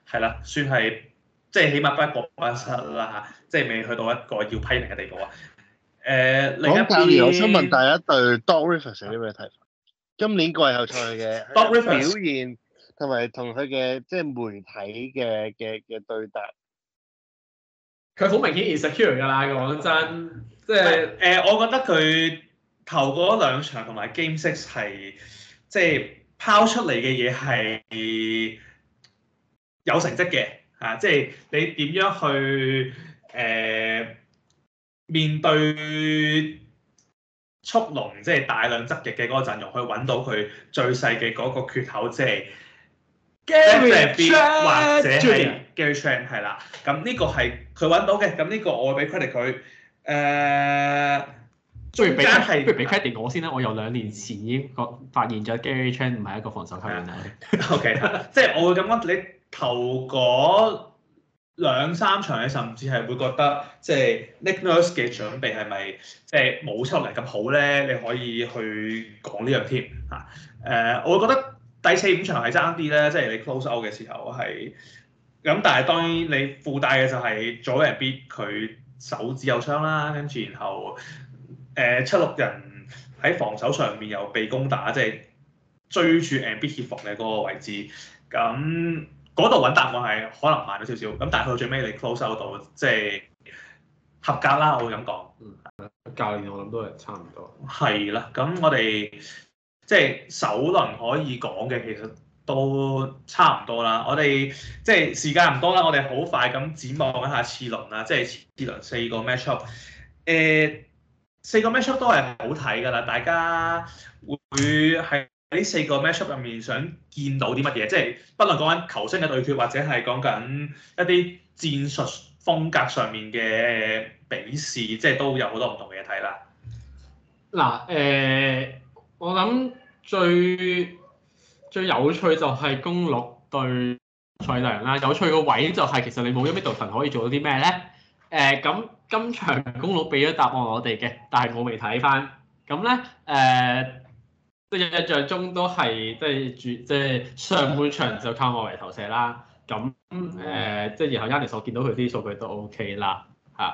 係啦、啊，算係。算即係起碼不一個失啦，即係未去到一個要批評嘅地步啊！誒、呃，說另一邊，我想問大家對，Doc Rivers 有咩睇法？今年季後賽嘅 Doc Rivers 表現同埋同佢嘅即係媒體嘅嘅嘅對答，佢好明顯 insecure 㗎啦！講真，即係誒，我覺得佢頭嗰兩場同埋 Game Six 係即係拋出嚟嘅嘢係有成績嘅。嚇、啊！即係你點樣去誒、呃、面對速龍，即、就、係、是、大量執翼嘅嗰個陣容，去以揾到佢最細嘅嗰個缺口，即係 Gary Trent 或者係 Gary Trent 係、嗯、 啦。咁呢個係佢揾到嘅，咁呢個我俾 credit 佢誒。最弊係俾 credit 我先啦，我由兩年前已經覺發現咗 Gary Trent 唔係一個防守球員啦。O K，即係我會咁講你。 頭嗰兩三場你甚至係會覺得即係 Nick Nurse 嘅準備係咪即係冇出嚟咁好咧？你可以去講呢樣添嚇。誒、呃，我覺得第四五場係爭啲咧，即、就、係、是、你 close out 嘅時候係咁，但係當然你附帶嘅就係左人 B 佢手指有傷啦，跟住然後誒、呃、七六人喺防守上面又被攻打，即、就、係、是、追住誒 B 切防嘅嗰個位置咁。嗰度揾答案係可能慢咗少少，咁但係到最尾你 close 收到，即係合格啦，我會咁講。嗯，教練我諗都係差唔多。係啦，咁我哋即係首輪可以講嘅其實都差唔多啦。我哋即係時間唔多啦，我哋好快咁展望一下次輪啦。即係次輪四個 matchup，誒四個 matchup 都係好睇㗎啦，大家會係。喺四個 matchup 入面，想見到啲乜嘢？即係不論講緊球星嘅對決，或者係講緊一啲戰術風格上面嘅比試，即係都有好多唔同嘅嘢睇啦。嗱，誒、呃，我諗最最有趣就係公鹿對賽太陽啦。有趣個位就係，其實你冇咗 Middleton 可以做到啲咩咧？誒、呃，咁今場公鹿俾咗答案我哋嘅，但係我未睇翻。咁咧，誒、呃。印象中都係即係主，即、就、係、是就是、上半場就靠外圍投射啦。咁誒，即、呃、係、就是、然後 Giannis 所見到佢啲數據都 O、OK、K 啦。嚇誒、啊，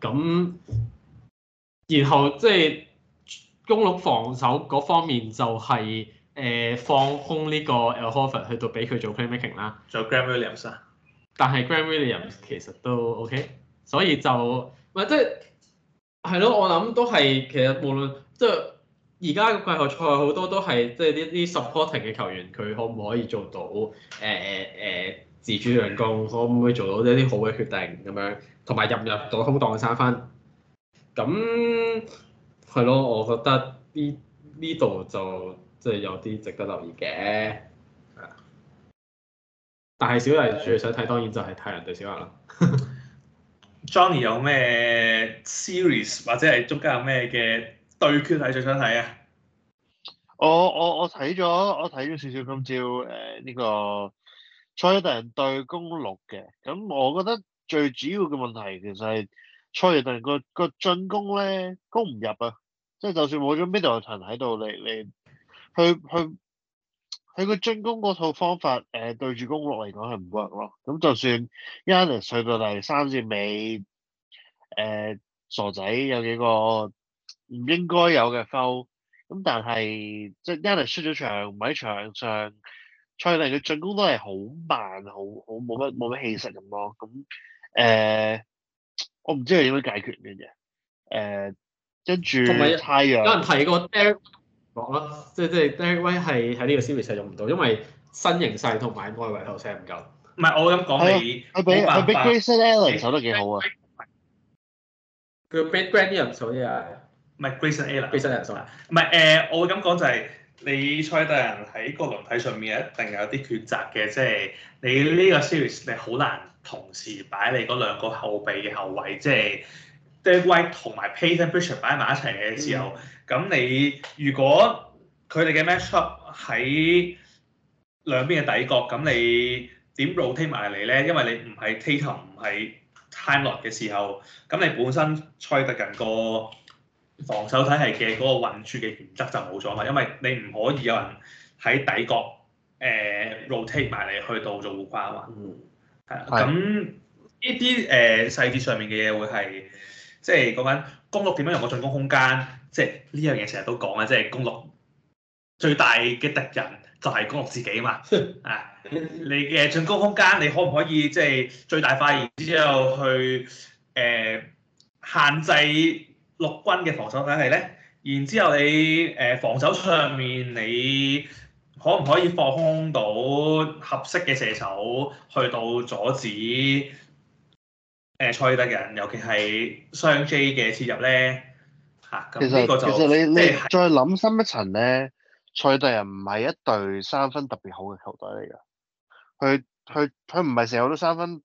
咁、呃、然後即係公鹿防守嗰方面就係、是、誒、呃、放空呢個 Al Horford 去到俾佢做 playmaking 啦。就 Graham Williams 啊，但係 Graham Williams 其實都 O、OK, K，所以就唔即係係咯。我諗都係其實無論即係。就是而家嘅季後賽好多都係即係呢啲 supporting 嘅球員，佢可唔可以做到？誒誒誒，自主亮光可唔可以做到一啲好嘅決定咁樣？同埋入入到空檔嘅三分？咁係咯，我覺得呢呢度就即係、就係、有啲值得留意嘅。係啊，但係小人最想睇當然就係太陽對小人啦。 Johnny 有咩 series 或者係中間有咩嘅？對決係最想睇啊！我我我睇咗，我睇咗少少今朝，誒呢、呃這個賽爾特人對攻六嘅。咁我覺得最主要嘅問題其實係賽爾特人個個進攻咧攻唔入啊！即係就算冇咗 Midor 藤喺度，你你去去佢個進攻嗰套方法誒、呃、對住攻六嚟講係唔 work 咯。咁就算一 l a 去到第三節尾誒、呃、傻仔有幾個？唔應該有嘅 foul，咁但係即係 Allen 出咗場，唔喺場上蔡定佢進攻都係好慢，好好冇乜冇乜氣勢咁咯。咁、嗯、誒，我、嗯、唔知佢點樣解決嘅嘢。誒、嗯，跟住同埋太陽有人提過 Dave 咯，即係即係 Dave i 係喺呢個 series 用唔到，因為身形細同埋外圍投射唔夠。唔係我咁講，你佢俾佢俾 Grayson Allen，佢俾 Grayson 啊！唔係 Grayson Allen，Grayson Allen 唔係。誒，我會咁講就係、是、你賽特人喺個輪替上面一定有啲抉擇嘅，即係你呢個 series 你好難同時擺你嗰兩個後備嘅後衛，即係 Derrick White 同埋 Payton Pritchard 擺埋一齊嘅時候，咁、嗯、你如果佢哋嘅 matchup 喺兩邊嘅底角，咁你點 rotate 埋嚟咧？因為你唔係 Tatum 唔係 timelock 嘅時候，咁你本身賽特人個防守體系嘅嗰、那個運轉嘅原則就冇咗嘛，因為你唔可以有人喺底角誒 rotate、呃、埋你去到做護框啊嘛。咁呢啲誒細節上面嘅嘢會係即係講緊公鹿點樣用個進攻空間，即係呢樣嘢成日都講啊，即係公鹿最大嘅敵人就係公鹿自己啊嘛。 啊，你嘅進攻空間你可唔可以即係、就是、最大化，然之後去誒、呃、限制？六軍嘅防守梗係咧，然之後你誒、呃、防守上面你可唔可以放空到合適嘅射手去到阻止誒賽德人，尤其係雙 J 嘅切入咧嚇、啊。其實其實你、就是、你再諗深一層咧，賽德人唔係一隊三分特別好嘅球隊嚟㗎，佢佢佢唔係成日都三分。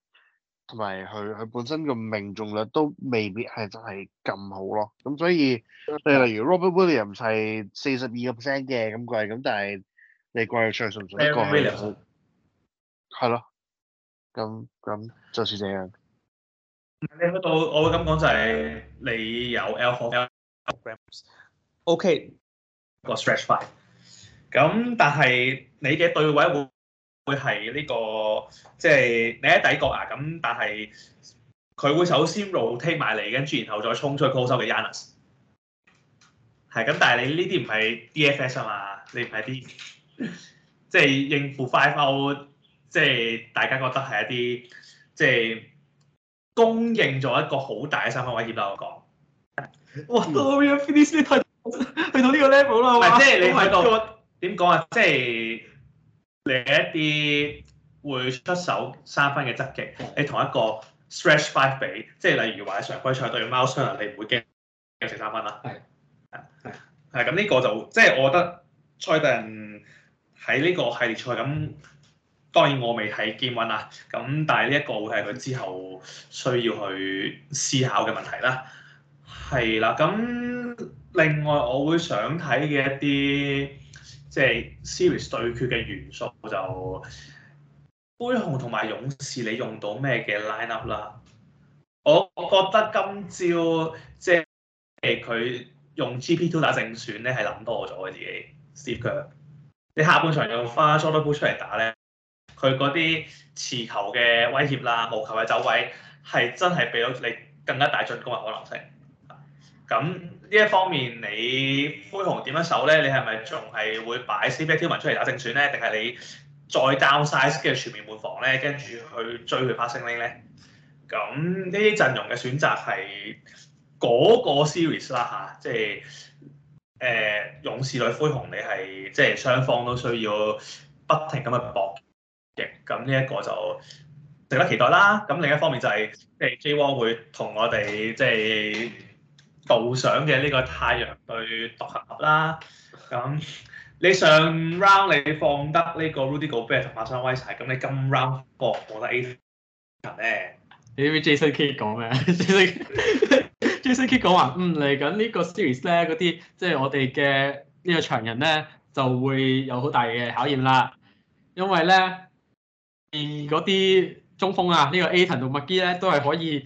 同埋佢佢本身個命中率都未必係真係咁好咯，咁所以你例如 Robert Williams 係四十二個 percent 嘅咁貴，咁但係你貴咗出去，唔唔應該過去啊？係咯，咁咁就是這樣。你去到我會咁講就係你有 alpha，OK 個 stretch five，咁但係你嘅對位會。會係呢、這個即係、就是、你喺底角啊，咁但係佢會首先 rotate 埋嚟，跟住然後再衝出去高收嘅 Yannus。係咁，但係你呢啲唔係 DFS 啊嘛，你唔係啲即係應付 Five Out，即係大家覺得係一啲即係供應咗一個好大嘅三分威脅啦。我講哇，到我 f i n i s,、嗯 就是、去到、這、呢個 level 啦，即係你喺度點講啊？即、就、係、是。另一啲會出手三分嘅側擊，你同一個 stretch five 比，即係例如話常規賽對馬斯納，你唔會驚有成三分啦。係，係咁呢個就即係我覺得賽迪人喺呢個系列賽咁，當然我未睇見運啊，咁但係呢一個會係佢之後需要去思考嘅問題啦。係啦，咁另外我會想睇嘅一啲。即係 series 對決嘅元素就，灰熊同埋勇士你用到咩嘅 lineup 啦？我覺得今朝即係佢用 GP2 打正選咧係諗多咗嘅自己，Steve 哥，你下半場用花 Jordan Poole 出嚟打咧，佢嗰啲持球嘅威脅啦、無球嘅走位係真係俾到你更加大進攻嘅可能性，咁。呢一方面，你灰熊點樣守咧？你係咪仲係會擺 CBA 挑民出嚟打正選咧？定係你再 downsize 嘅全面換防咧？跟住去追佢 passing 咧？咁呢啲陣容嘅選擇係嗰個 series 啦嚇、啊，即係誒、呃、勇士對灰熊你，你係即係雙方都需要不停咁去搏嘅。咁呢一個就值得期待啦。咁另一方面就係誒 J 王會同我哋即係。導上嘅呢個太陽對獨行俠啦，咁你上 round 你放得呢個 Rudy Gobert 同馬山威曬，咁你咁 round 博博得 Ayton 咧？你知唔知 Jason Kidd 講咩？Jason Kidd 講話，嗯，嚟緊呢個 series 咧，嗰啲即係我哋嘅呢個長人咧，就會有好大嘅考驗啦，因為咧而嗰啲中鋒啊，呢個 Ayton 同 McGee 咧都係可以。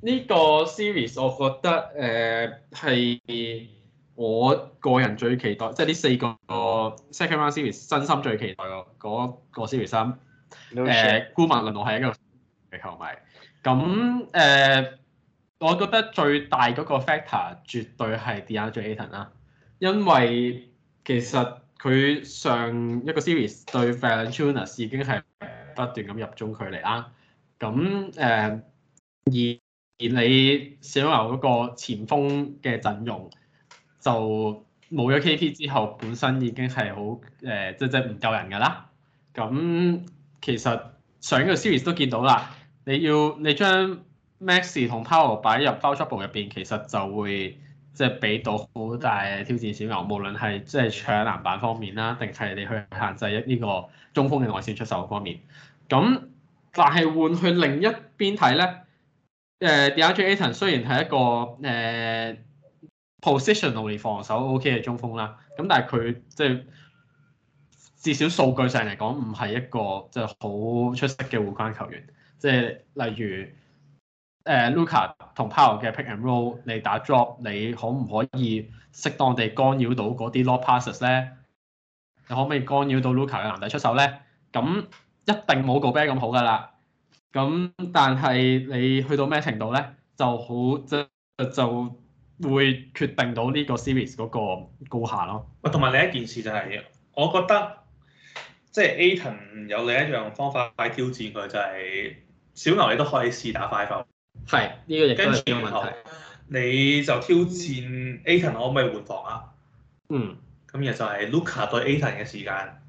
呢個 series 我覺得誒係、呃、我個人最期待，即係呢四個 second round series 真心最期待個 series 三誒，姑、呃、 勿論我係一個嘅球迷。咁誒、呃，我覺得最大嗰個 factor 絕對係 DeAndre Ayton 啦，因為其實佢上一個 series 對 Valanciunas 已經係不斷咁入中距離啦。咁誒二。呃而你小牛嗰個前鋒嘅陣容就冇咗 KP 之後，本身已經係好誒，即即係唔夠人噶啦。咁其實上一個 series 都見到啦，你要你將 Maxi 同 Powell 擺入 Double Trouble 入邊，其實就會即係俾到好大嘅挑戰。小牛無論係即係搶籃板方面啦，定係你去限制一呢個中鋒嘅內線出手方面。咁但係換去另一邊睇咧。誒 Deandre Ayton 雖然係一個誒、uh, positionally 防守 OK 嘅中鋒啦，咁但係佢即係至少數據上嚟講唔係一個即係好出色嘅互關球員，即、就、係、是、例如誒、uh, Luka 同 Powell 嘅 pick and roll，你打 drop 你可唔可以適當地干擾到嗰啲 low passes 咧？你可唔可以干擾到 Luka 嘅難度出手咧？咁一定冇 Gobert 咁好噶啦。咁但係你去到咩程度咧，就好就就會決定到呢個 series 嗰個高下咯。喂，同埋另一件事就係、是，我覺得即係 Ayton 有另一樣方法挑戰佢就係、是、小牛，你都可以試打快服。係呢、這個亦都係一個問題。你就挑戰 Ayton 可唔可以換防啊？嗯。咁然後就係 Luka 對 Ayton 嘅時間。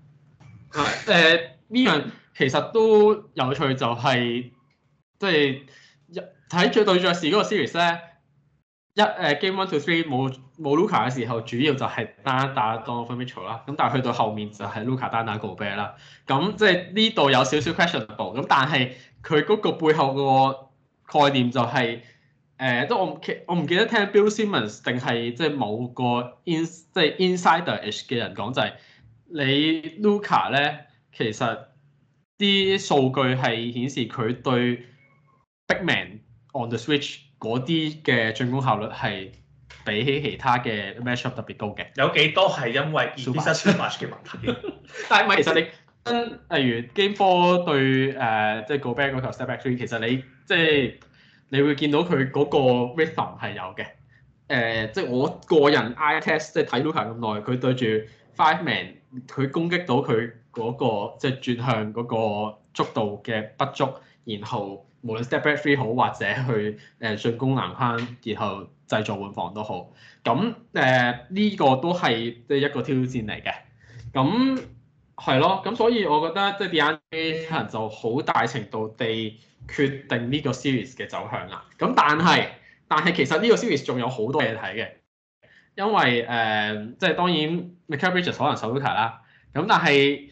係誒、 呃，呢樣。其實都有趣、就是，就係即係一睇住對爵士嗰個 series 咧，一誒、uh, Game One to Three 冇冇 Luka 嘅時候，主要就係單打 Donovan Mitchell 啦。咁但係去到後面就係 Luka 單打 Gobert 啦。咁即係呢度有少少 questionable。咁但係佢嗰個背後個概念就係、是、誒、欸，都我唔記，我唔記得聽 Bill Simmons 定係即係某個 ins 即係 insiderish 嘅人講就係你 Luka 咧，其實。啲數據係顯示佢對 Big Man on the Switch 嗰啲嘅進攻效率係比起其他嘅 Matchup 特別高嘅。有幾多係因為技術上 much 嘅問題？但係唔係其實你，例如 Game Four 對誒即係 Gobert 嗰球 Step Back Three，其實你即係你會見到佢嗰個 Rhythm 係有嘅。誒，即係我個人 I test 即係睇 Luka 咁耐，佢對住 Five Man 佢攻擊到佢。嗰、那個即係轉向嗰個速度嘅不足，然後無論 step back three 好或者去誒、呃、進攻南坑，然後製造換防都好，咁誒呢個都係即係一個挑戰嚟嘅，咁係咯，咁所以我覺得即係 d a 可能就好大程度地決定呢個 series 嘅走向啦。咁但係，但係其實呢個 series 仲有好多嘢睇嘅，因為誒、呃、即係當然 m a c a r t h y 可能手都傷啦，咁但係。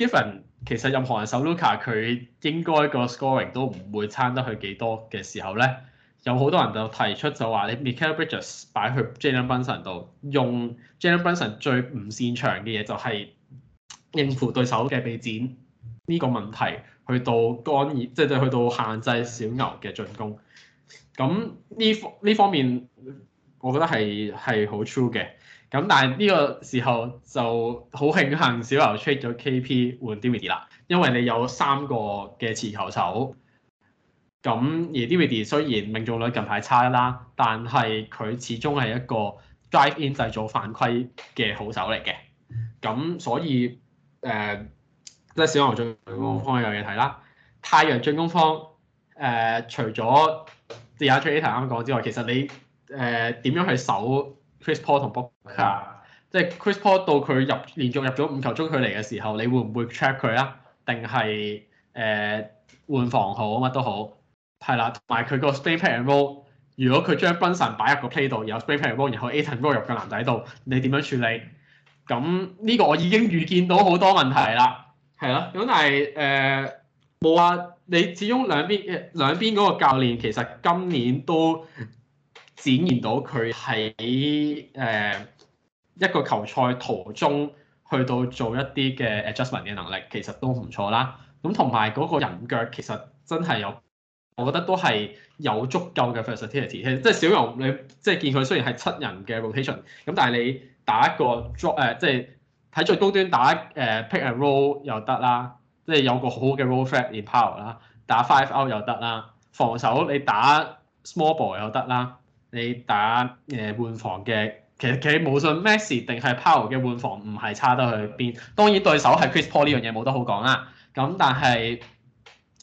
Even 其實任何人守 Luka，佢應該個 scoring 都唔會差得去幾多嘅時候咧，有好多人就提出就話你 Mikal Bridges 擺去 Jalen Brunson 度，用 Jalen Brunson 最唔擅長嘅嘢就係應付對手嘅備戰呢個問題，去到干熱即係去到限制小牛嘅進攻。咁呢方呢方面，我覺得係係好 true 嘅。咁但係呢個時候就好慶幸小牛出咗 KP 換 Dinwiddie 啦，因為你有三個嘅持球手，咁而 Dinwiddie 雖然命中率近排差啦，但係佢始終係一個 drive in 製造犯規嘅好手嚟嘅，咁所以誒即係小牛進攻方有嘢睇啦。太陽進攻方誒、呃、除咗 The Architect 啱講之外，其實你誒點、呃、樣去守 Chris Paul 同 Book？嗯、即係 Chris Paul 到佢入連續入咗五球中距離嘅時候，你會唔會 check 佢啊？定係誒換防好乜都好，係啦，同埋佢個 Spain pick and roll。如果佢將 Brunson 擺入個 play 度，有 Spain pick and roll，然後 Ayton、e、roll 入個籃底度，你點樣處理？咁呢個我已經預見到好多問題啦，係咯。咁但係誒冇啊，呃、你始終兩邊誒兩邊嗰個教練其實今年都展現到佢喺誒。呃一個球賽途中去到做一啲嘅 adjustment 嘅能力其實都唔錯啦，咁同埋嗰個人腳其實真係有，我覺得都係有足夠嘅 versatility 即係小牛你即係見佢雖然係七人嘅 rotation，咁但係你打一個 drop 誒、呃，即係喺最高端打誒、uh, pick and roll 又得啦，即、就、係、是、有個好好嘅 role fit in power 啦，打 five out 又得啦，防守你打 small ball 又得啦，你打誒、uh, 換防嘅。其實佢冇信 Max 定係 Powell 嘅換防唔係差得去邊，當然對手係 Chris Paul 呢樣嘢冇得好講啦。咁但係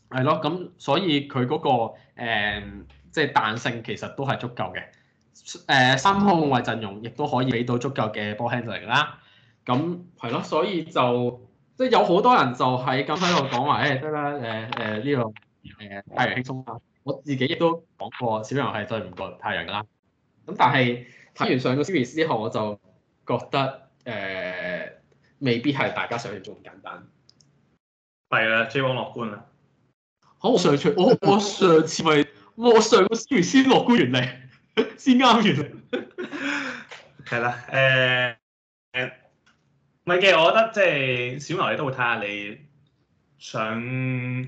係咯，咁所以佢嗰、那個即係、呃就是、彈性其實都係足夠嘅。誒、呃、三控衛陣容亦都可以俾到足夠嘅 ball handling 啦。咁係咯，所以就即係、就是、有好多人就係咁喺度講話，誒得啦，誒誒呢個誒、呃、太陽輕鬆啦。我自己亦都講過，小牛係對唔過太陽噶啦。咁但係。睇完上個星期之後，我就覺得誒、呃，未必係大家想象中咁簡單。係啦，最王樂觀啦。嚇、哦！我上次，我我上次咪我上個星期先樂觀完嚟，先啱完。係啦 誒、呃、誒，咪、呃、嘅，我覺得即、就、係、是、小牛，你都會睇下你想，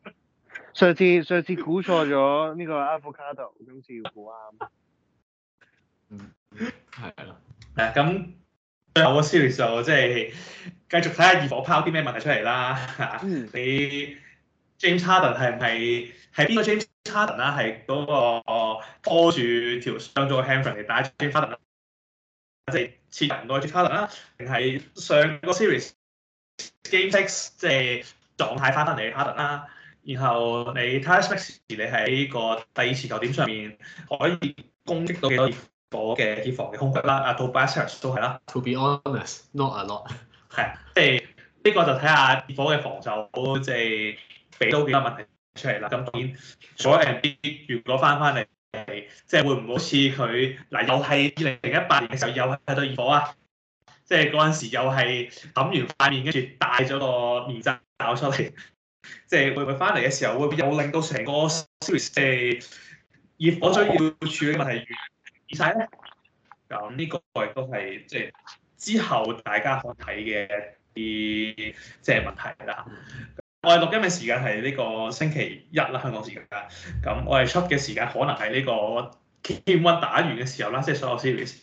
上次上次估錯咗呢個 avocado 今次要估啱，係係啦，誒，咁最後個 series 就即係繼續睇下熱火拋啲咩問題出嚟啦，吓你 james harden 係唔係係邊個 james harden 啦、啊、係個拖住條傷咗個 hammer 嚟帶 j 翻即係似唔多 jackeller 啦定係上個 series game six 即係狀態翻翻嚟 harden 啦、啊然後你 Tyrese Maxey，你喺個第二次球點上面可以攻擊到幾多熱火嘅鐵防嘅空隙啦？啊到，To be honest 都係啦，To be honest，not a lot。係啊，即係呢個就睇下熱火嘅防好，即係俾到幾多個問題出嚟啦。咁點有人邊如果翻翻嚟，即係會唔會好似佢嗱又係二零零一八年嘅時候又係對熱火啊？即係嗰陣時又係冚完塊面，跟住戴咗個面罩出嚟。即係會唔會翻嚟嘅時候，會有令到成個 series 以我需要處理嘅問題完晒咧？咁呢個亦都係即係之後大家可睇嘅啲即係問題啦。我哋錄音嘅時間係呢個星期一啦，香港時間。咁我哋出嘅時間可能係呢個 Game 1打完嘅時候啦，即係所有 series。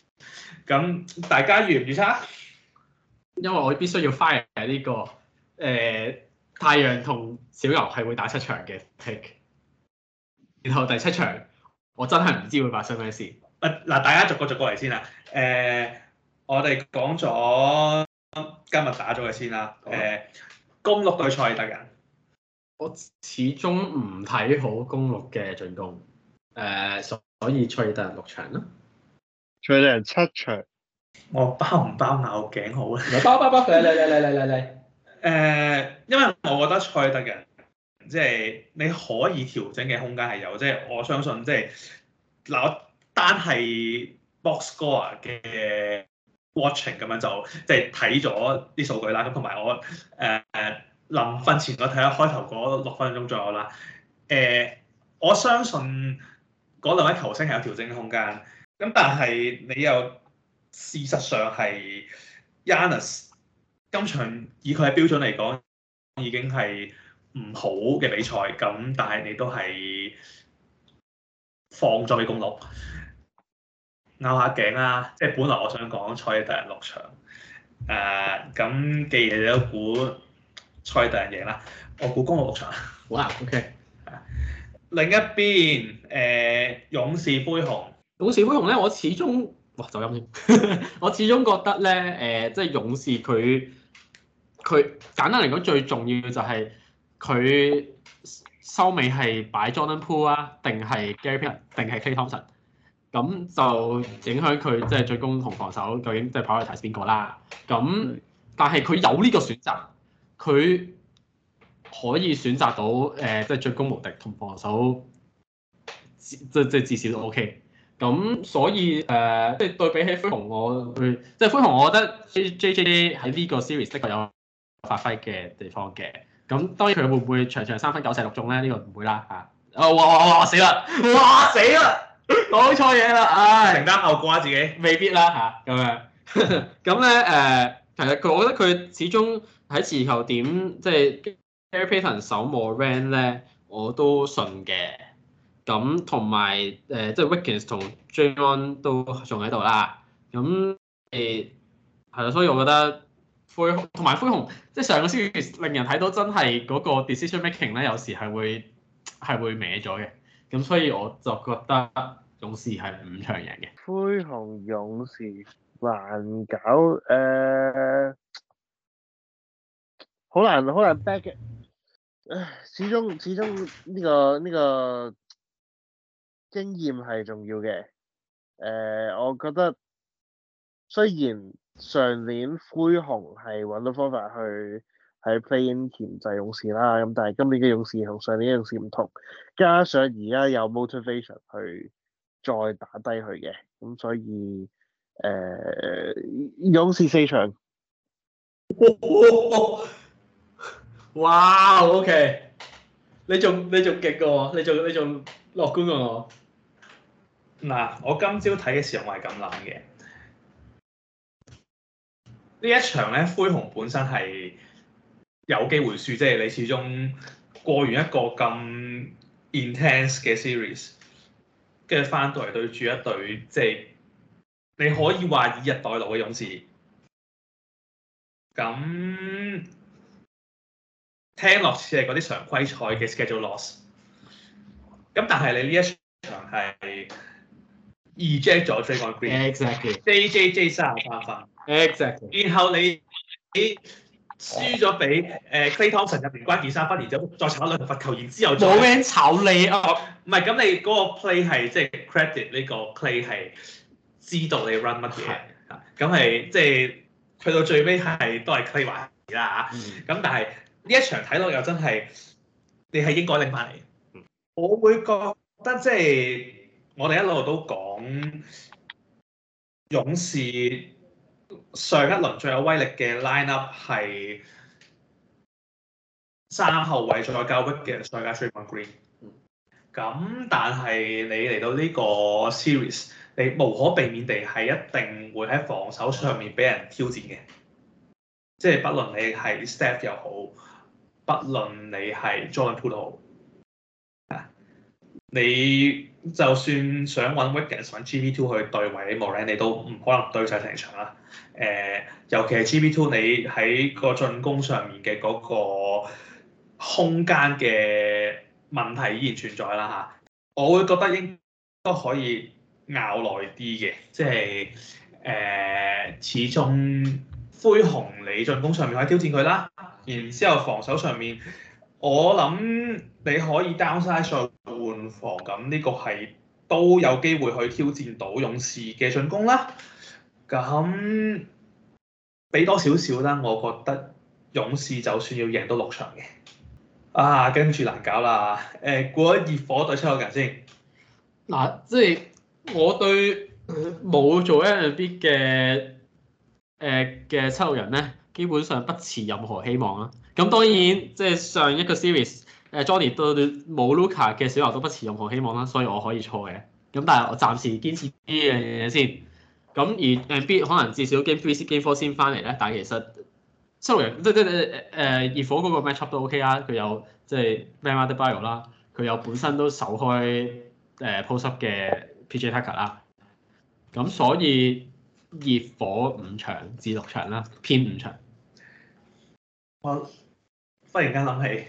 咁大家預唔預測？因為我必須要 fire 呢個誒。欸太陽同小牛係會打七場嘅 take，然後第七場我真係唔知會發生咩事。啊嗱，大家逐個逐個嚟，先啦。誒、呃，我哋講咗今日打咗佢先啦。誒、呃，公鹿對賽爾特人，吧我始終唔睇好公鹿嘅進攻。誒、呃，所以賽爾特人六場咯，賽爾特人七場，我包唔包咬頸好咧？嚟包，包，包，嚟嚟嚟嚟嚟嚟！ 誒、呃，因為我覺得塞爾特人，即、就、係、是、你可以調整嘅空間係有，即、就、係、是、我相信即係嗱，就是、我單係 box score 嘅 watching 咁樣就即係睇咗啲數據啦，咁同埋我誒、呃、臨瞓前我睇咗開頭嗰六分鐘左右啦，誒、呃，我相信嗰兩位球星係有調整嘅空間，咁但係你又事實上係 Yannis 今場以佢嘅標準嚟講，已經係唔好嘅比賽，咁但係你都係放咗俾公鹿，拗下頸啦、啊。即係本來我想講賽特人六場，誒、啊、咁既然你都估賽特人贏啦，我估公鹿六場。哇，OK。另一邊誒勇士灰熊，勇士灰熊咧，我始終哇，走音 我始終覺得咧誒、呃，即係勇士佢。佢簡單嚟講，最重要嘅就係佢收尾係擺 Jordan Poole 啊，定係 Gary Payton 定係 Klay Thompson、啊。咁就影響佢即係進攻同防守，究竟即係跑位睇邊個啦。咁、啊、但係佢有呢個選擇，佢可以選擇到誒，即、呃、係、就是、進攻無敵同防守，即即至少都 OK、啊。咁所以誒，即、呃、係對比起灰熊，我佢即係灰熊，就是、我覺得 J J 喺呢個 series 的確有，發揮嘅地方嘅，咁當然佢會唔會場場三分九射六中咧？呢、這個唔會啦吓。啊哇哇哇死啦！哇死啦！我講錯嘢啦，唉、哎，承擔後果下自己。未必啦吓，咁、啊、樣。咁咧誒，其實佢，我覺得佢始終喺持球點，即係 Carpeton 守摩 Ran 咧，我都信嘅。咁同埋誒，即係 Wiggins 同 John 都仲喺度啦。咁誒係啦，所以我覺得。灰同埋灰熊，即係上個星期令人睇到真係嗰個 decision making 咧，有時係會係會歪咗嘅。咁所以我就覺得是是人勇士係五場贏嘅。灰熊勇士難搞，誒、呃、好難好難 back 嘅。唉，始終始終呢、呢個呢、呢個經驗係重要嘅。誒、呃，我覺得雖然。上年灰熊係揾到方法去喺 playing 鉗制、就是、勇士啦，咁但係今年嘅勇士同上年嘅勇士唔同，加上而家有 motivation 去再打低佢嘅，咁所以誒、呃、勇士四場，哇，OK，你仲你仲極過我，你仲你仲樂觀過我，嗱，我今朝睇嘅時候我係咁諗嘅。呢一場咧，灰熊本身係有機會輸，即係你始終過完一個咁 intense 嘅 series，跟住翻到嚟對住一隊，即係你可以話以逸待勞嘅勇士。咁聽落似係嗰啲常規賽嘅 schedule loss。咁但係你呢一場係 reject 咗 Draymond Green。Exactly。J J J 三號翻 Exactly，然後你輸咗俾誒 Clay Thompson 入邊、oh. 關鍵三分，然之後再炒兩罰球，然之後做咩炒你啊！唔係，咁你嗰個 play 係即係、就是、credit 呢個 play 係知道你 run 乜嘢，咁係即係去到最尾係都係 Clay 話事啦吓。咁、mm hmm. 但係呢一場睇落又真係你係應該拎翻嚟。Mm hmm. 我會覺得即係、就是、我哋一路都講勇士。上一輪最有威力嘅 line up 係三後衞再加 Wiggins 再加 Draymond Green。咁、嗯、但係你嚟到呢個 series，你無可避免地係一定會喺防守上面俾人挑戰嘅。即係不論你係 Steph 又好，不論你係 Jordan Poole 又好。你就算想搵 Wiggins GP Two 去對位 Morant 你都唔可能對晒成場啦。誒、呃，尤其係 GP Two，你喺個進攻上面嘅嗰個空間嘅問題依然存在啦吓、啊。我會覺得應該可以咬耐啲嘅，即係誒，始終灰熊你進攻上面可以挑戰佢啦，然之後防守上面，我諗你可以 downsize。換防，咁呢個係都有機會去挑戰到勇士嘅進攻啦。咁俾多少少啦，我覺得勇士就算要贏到六場嘅，啊跟住難搞啦。誒、欸，如果熱火對七六人先，嗱、啊，即係我對冇做 Embiid 嘅誒嘅七六人咧，基本上不持任何希望啦。咁當然即係上一個 series。誒，Johnny 對冇 Luka 嘅小牛都不持任何希望啦，所以我可以錯嘅。咁但係我暫時堅持呢樣嘢先。咁而誒 B 可能至少 Game Three、Game Four 先翻嚟咧，但係其實雖然即即誒熱火嗰個 matchup 都 OK 啦。佢有即係 Bam Adebayo 啦，佢有本身都守開誒 post-up 嘅 PJ Tucker 啦。咁所以熱火五場至六場啦，偏五場。我忽然間諗起。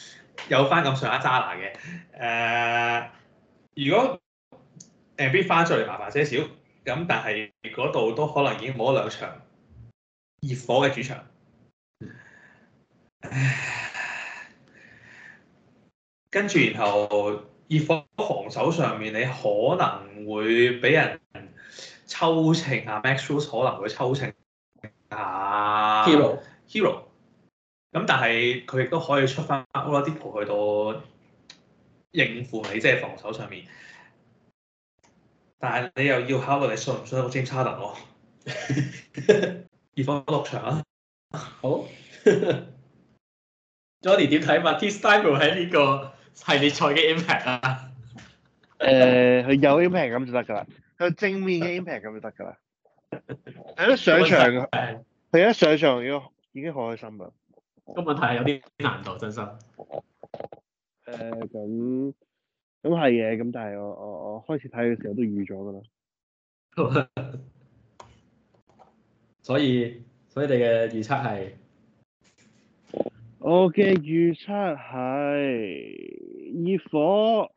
有翻咁上下揸拿嘅，誒、呃，如果 NBA 翻出嚟麻麻些少，咁但係嗰度都可能已經冇咗兩場熱火嘅主場。跟住然後熱火防守上面，你可能會俾人抽秤啊，Max Strus 可能會抽秤啊，Herro，Herro。Herro. Herro. 咁但係佢亦都可以出翻 Oladipo 去到應付你，即係防守上面。但係你又要考慮你信唔信個 James Harden 落場啊！好，Jody 點睇 Matisse 喺呢個系列賽嘅 impact 啊？佢有 impact 咁就得㗎啦。佢正面嘅 impact 咁就得㗎啦。係一上場佢一、呃、上場已經已經好開心㗎。個問題有啲難度，真心。誒、嗯，咁咁係嘅，咁、嗯、但係我我我開始睇嘅時候都預咗㗎啦。所以所以你嘅預測係？我嘅預測係熱火、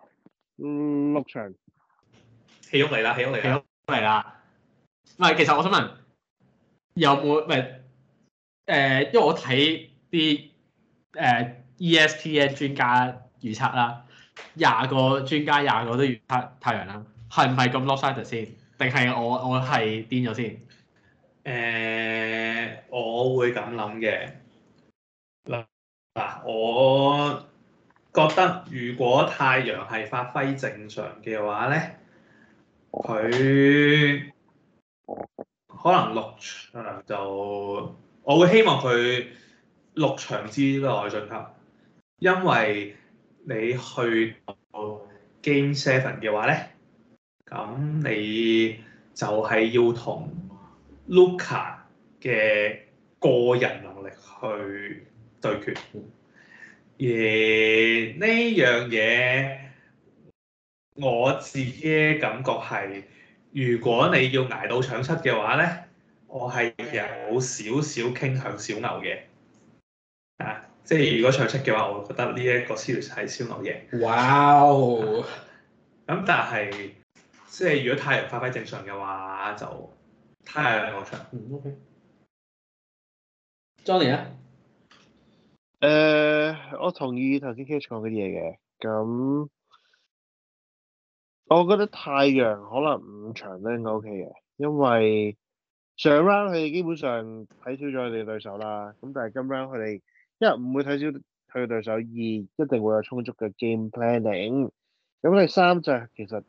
嗯、六場。起咗嚟啦！起咗嚟啦！起咗嚟啦！唔係，其實我想問有冇唔係、誒因為我睇。啲誒 ESPN 專家預測啦，廿個專家廿個都預測太陽啦，係唔係咁 lopsided 先？定係我我係癲咗先？誒、呃，我會咁諗嘅嗱嗱，我覺得如果太陽係發揮正常嘅話咧，佢可能六場就我會希望佢。六場之內進級，因為你去到 Game Seven 嘅話呢，咁你就係要同 Luka 嘅個人能力去對決。而呢樣嘢，我自己感覺係，如果你要捱到搶七嘅話呢，我係有少少傾向小牛嘅。啊，即係如果唱出嘅話，我覺得呢一個系列係燒牛嘅。哇咁 Wow.、啊、但係即係如果太陽發揮正常嘅話，就太陽我唱。嗯，OK Johnny。Johnny 咧，誒，我同意頭先 Cash 講嘅啲嘢嘅，咁，我覺得太陽可能五場都應該 OK 嘅，因為上 round 佢哋基本上睇少咗佢哋對手啦，咁但係今 round 佢哋。一唔會睇少佢嘅對手，二一定會有充足嘅 game planning。咁第三就係其實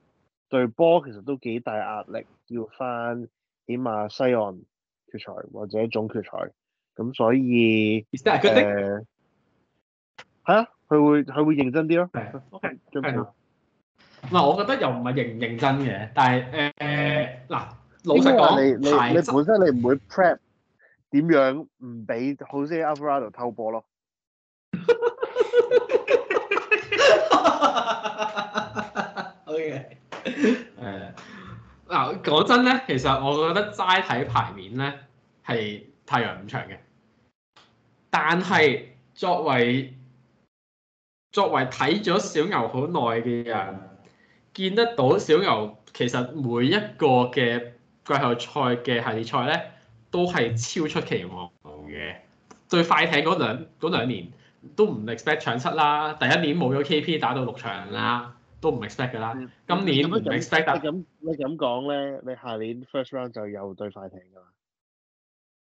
對波其實都幾大壓力，要翻起碼西岸決賽或者總決賽。咁所以，係啊，佢會佢會認真啲咯。係，OK，準備啦。嗱，我覺得又唔係認唔認真嘅，但係誒嗱，老實講你你你本身你唔會 prep。點樣唔俾 Jose Alvarado 偷波咯？好嘅。誒，嗱，講真咧，其實我覺得齋睇牌面咧係太陽唔強嘅，但係作為作為睇咗小牛好耐嘅人，見得到小牛其實每一個嘅季後賽嘅系列賽咧，都係超出期望嘅，oh、yeah. 對快艇嗰兩,兩年都唔 expect 搶七啦。第一年冇咗 K P 打到六場啦，都唔 expect 噶啦。今年唔 expect、嗯、你咁你咁講咧，你下年 first round 就有對快艇噶啦。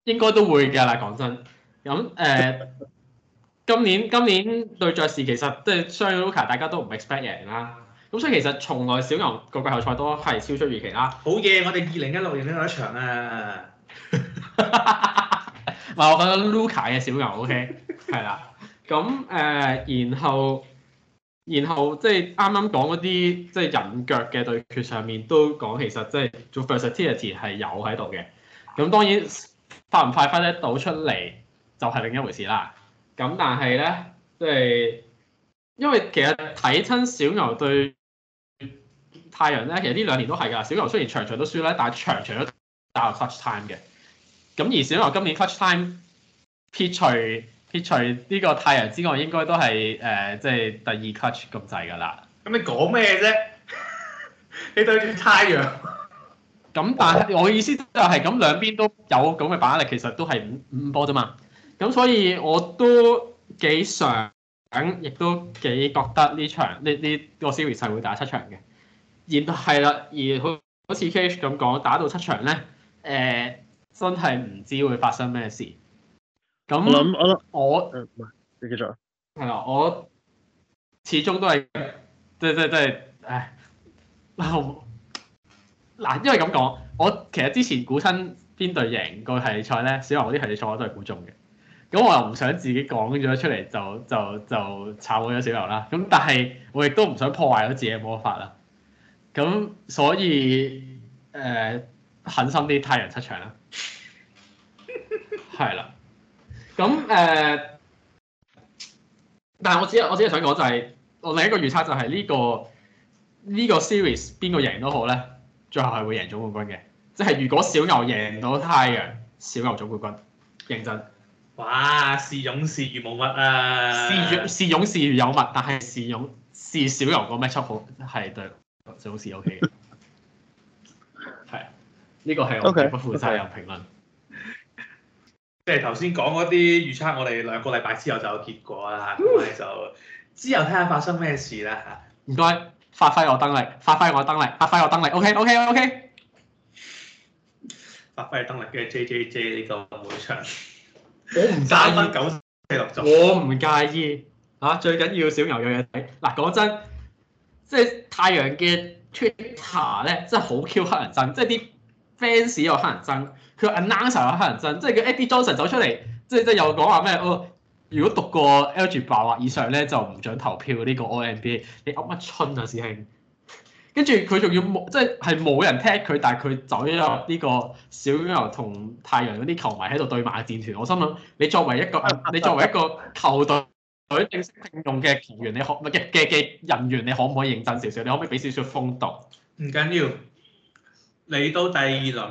應該都會㗎啦，講真。咁誒、uh, 今年今年對爵士其實即係雙 Luka 大家都唔 expect 贏啦。咁所以其實從來小牛個季後賽都係超出預期啦。好嘢！我哋二零一六年贏咗一場啊！ 話 我覺得 Luka 嘅小牛 OK 係啦， 咁誒、呃，然後然後即係啱啱講嗰啲即係人腳嘅對決上面都講，其實即係做 versatility 係有喺度嘅。咁當然快唔快，快咧倒出嚟就係另一回事啦。咁但係咧，即係因為其實睇親小牛對太陽咧，其實呢兩年都係㗎。小牛雖然場場都輸咧，但係場場都打出 touch time 嘅。咁而小牛今年 clutch time 撇除撇除呢個太陽之外，應該都係誒即係第二 clutch 咁滯㗎啦。咁你講咩啫？ 你對住太陽。咁 但係我嘅意思就係、係、咁，兩邊都有咁嘅把握力，其實都係五五波啫嘛。咁所以我都幾想，亦都幾覺得呢場呢呢、呢個 series 係會打七場嘅。而係啦，而好似 Kage 咁講，打到七場咧，誒、呃。真係唔知會發生咩事。咁我我我唔係、嗯、你繼續啦，我始終都係即即即係誒嗱，因為咁講，我其實之前估親邊隊贏個系列賽咧，小牛嗰啲系列賽我都係估中嘅。咁我又唔想自己講咗出嚟就就就炒咗小牛啦。咁但係我亦都唔想破壞咗自己嘅魔法啦。咁所以誒、呃、狠心啲，太陽出場啦。係啦，咁誒，uh, 但係我只係我只係想講就係、是，我另一個預測就係呢、這個呢、這個 series 邊個贏都好咧，最後係會贏總冠軍嘅。即係如果小牛贏到太陽，小牛總冠軍。認真。哇！視勇士如無物啊。視勇士如有物，但係視勇士小牛好、OK 這個 matchup 係對，總是 okay, okay. 有奇嘅。係，呢個係我嘅不負責任評論。即係頭先講嗰啲預測，我哋兩個禮拜之後就有結果啦。咁 就之後睇下發生咩事啦嚇。唔該，發揮我燈力，發揮我燈力，發揮我燈力。OK，OK，OK、OK, OK, OK。發揮燈力嘅 J J J 呢個唔會搶。 我唔介意九十六座。我唔介意嚇、啊，最緊要小牛養養睇。嗱、啊，講真，即係太陽嘅 Twitter 咧，真係好 Q 黑人憎，即係啲 fans 又黑人憎。佢 announce 成黑人憎，即係佢 Eddie Johnson 走出嚟，即係即係又講話咩？哦，如果讀過 algebra 以上咧，就唔準投票呢個 NBA 你噏乜春啊，師兄？跟住佢仲要冇，即係係冇人聽佢，但係佢走咗入呢個小牛同太陽嗰啲球迷喺度對罵嘅戰團。我心諗，你作為一個你作為一個球隊隊正式聘用嘅球員，你可唔嘅嘅嘅人員，你可唔可以認真少少？你可唔可以俾少少風度？唔緊要，嚟到第二輪。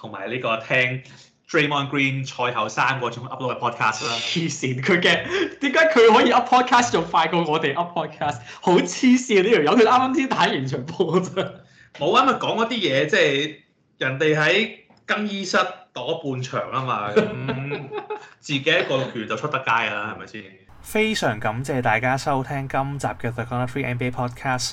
同埋呢個聽 Draymond Green 賽後三個鐘 upload 嘅 podcast 啦，黐線佢嘅，點解佢可以 upload podcast 仲快過我哋 upload podcast？好黐線呢條友，佢啱啱先打完場波啫，冇啊！咪講嗰啲嘢，即係人哋喺更衣室躲半場啊嘛、嗯，自己一個拳就出得街啦，係咪先？ 非常感謝大家收聽今集嘅 The Corner Three NBA Podcast。